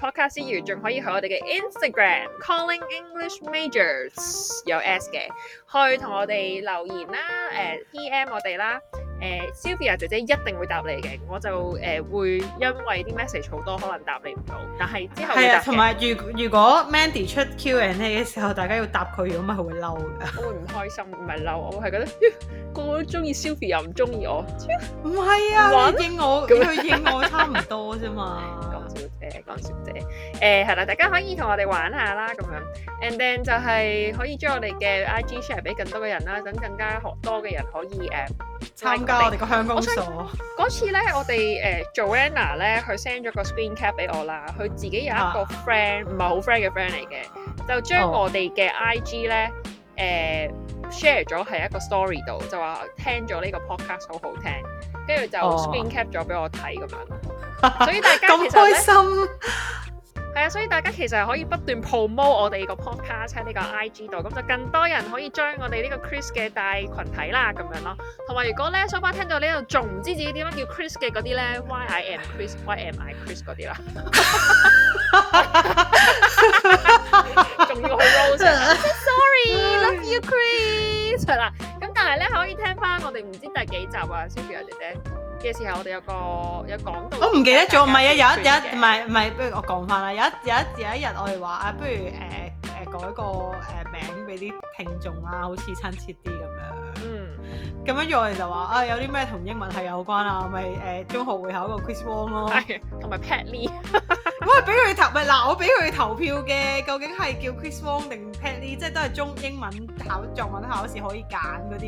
Podcast 之餘，仲可以去我哋嘅 Instagram Calling English Majors 有 S 嘅，去同我哋留言啦。誒 PM 我哋啦，誒 Sylvia 姐姐一定會答你嘅。我就誒會因為啲 message 好多，可能答你唔到。但係之後係啊，同埋如如果 Mandy 出 Q and A 嘅時候，大家要答佢，如果唔係佢會嬲嘅，我會唔開心，唔係嬲，我會係覺得個個都中意 Sylvia，又唔中意我，唔係啊，話應我，咁佢應我差唔多啫嘛。誒講笑啫，誒係啦，大家可以同我哋玩下啦，咁樣，and then 就係可以將我哋嘅 IG share 俾更多嘅人啦，等更加多嘅人可以誒、呃、參加我哋個、嗯、香港嗰次咧，我哋誒 Joanna 咧，佢 send 咗個 screen cap 俾我啦，佢自己有一個 friend，唔係好 friend 嘅 friend 嚟嘅，就將我哋嘅 IG 咧誒、啊呃、share 咗喺一個 story 度，就話聽咗呢個 podcast 好好聽，跟住就 screen cap 咗俾我睇咁、啊、樣。所以大家其實開心，係啊，所以大家其實可以不斷 promote 我哋個 podcast 喺呢個 IG 度，咁就更多人可以將我哋呢個 Chris 嘅大群體啦，咁樣咯。同埋如果咧，so far 聽到呢度仲唔知自己點樣叫 Chris 嘅嗰啲咧，Why I am Chris，Why am I Chris 嗰啲啦。仲要好 Rose，sorry，love [LAUGHS] you Chris。係啦， [LAUGHS] 咁但係咧可以聽翻我哋唔知第幾集啊 Sylvia 姐姐嘅時候我，我哋有個有講到，我唔記得咗，唔係啊，有一有一日，唔係唔係，不如我講翻啦，有一有一有一日我，我哋話啊，不如誒誒、呃呃、改個誒、呃、名俾啲聽眾啦，好似親切啲咁樣。嗯咁跟住我哋就話啊，有啲咩同英文係有關啊？咪誒中學會考個 Chris Wong 咯，係同埋 Patley。我係俾佢投咪嗱，我俾佢投票嘅。究竟係叫 Chris Wong 定 Patley？即係都係中英文考作文考試可以揀嗰啲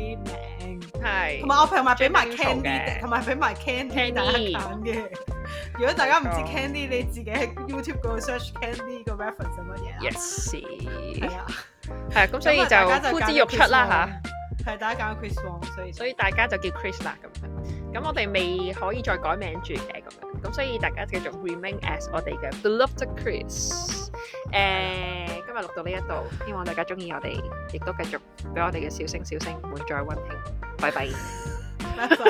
名。係同埋我平埋俾埋 Candy，同埋俾埋 Candy 大家揀嘅。如果大家唔知 Candy，你自己喺 YouTube 嗰個 search Candy 個 reference 係乜嘢。Yes，係啊，係啊，咁所以就呼之欲出啦嚇。係大家揀 Chris Wong，所以所以大家就叫 Chris 啦咁樣。咁我哋未可以再改名住嘅咁樣，咁所以大家繼續 remain as 我哋嘅 Beloved Chris。誒，今日錄到呢一度，希望大家中意我哋，亦都繼續俾我哋嘅小星小星唔會再溫馨。拜拜，拜拜。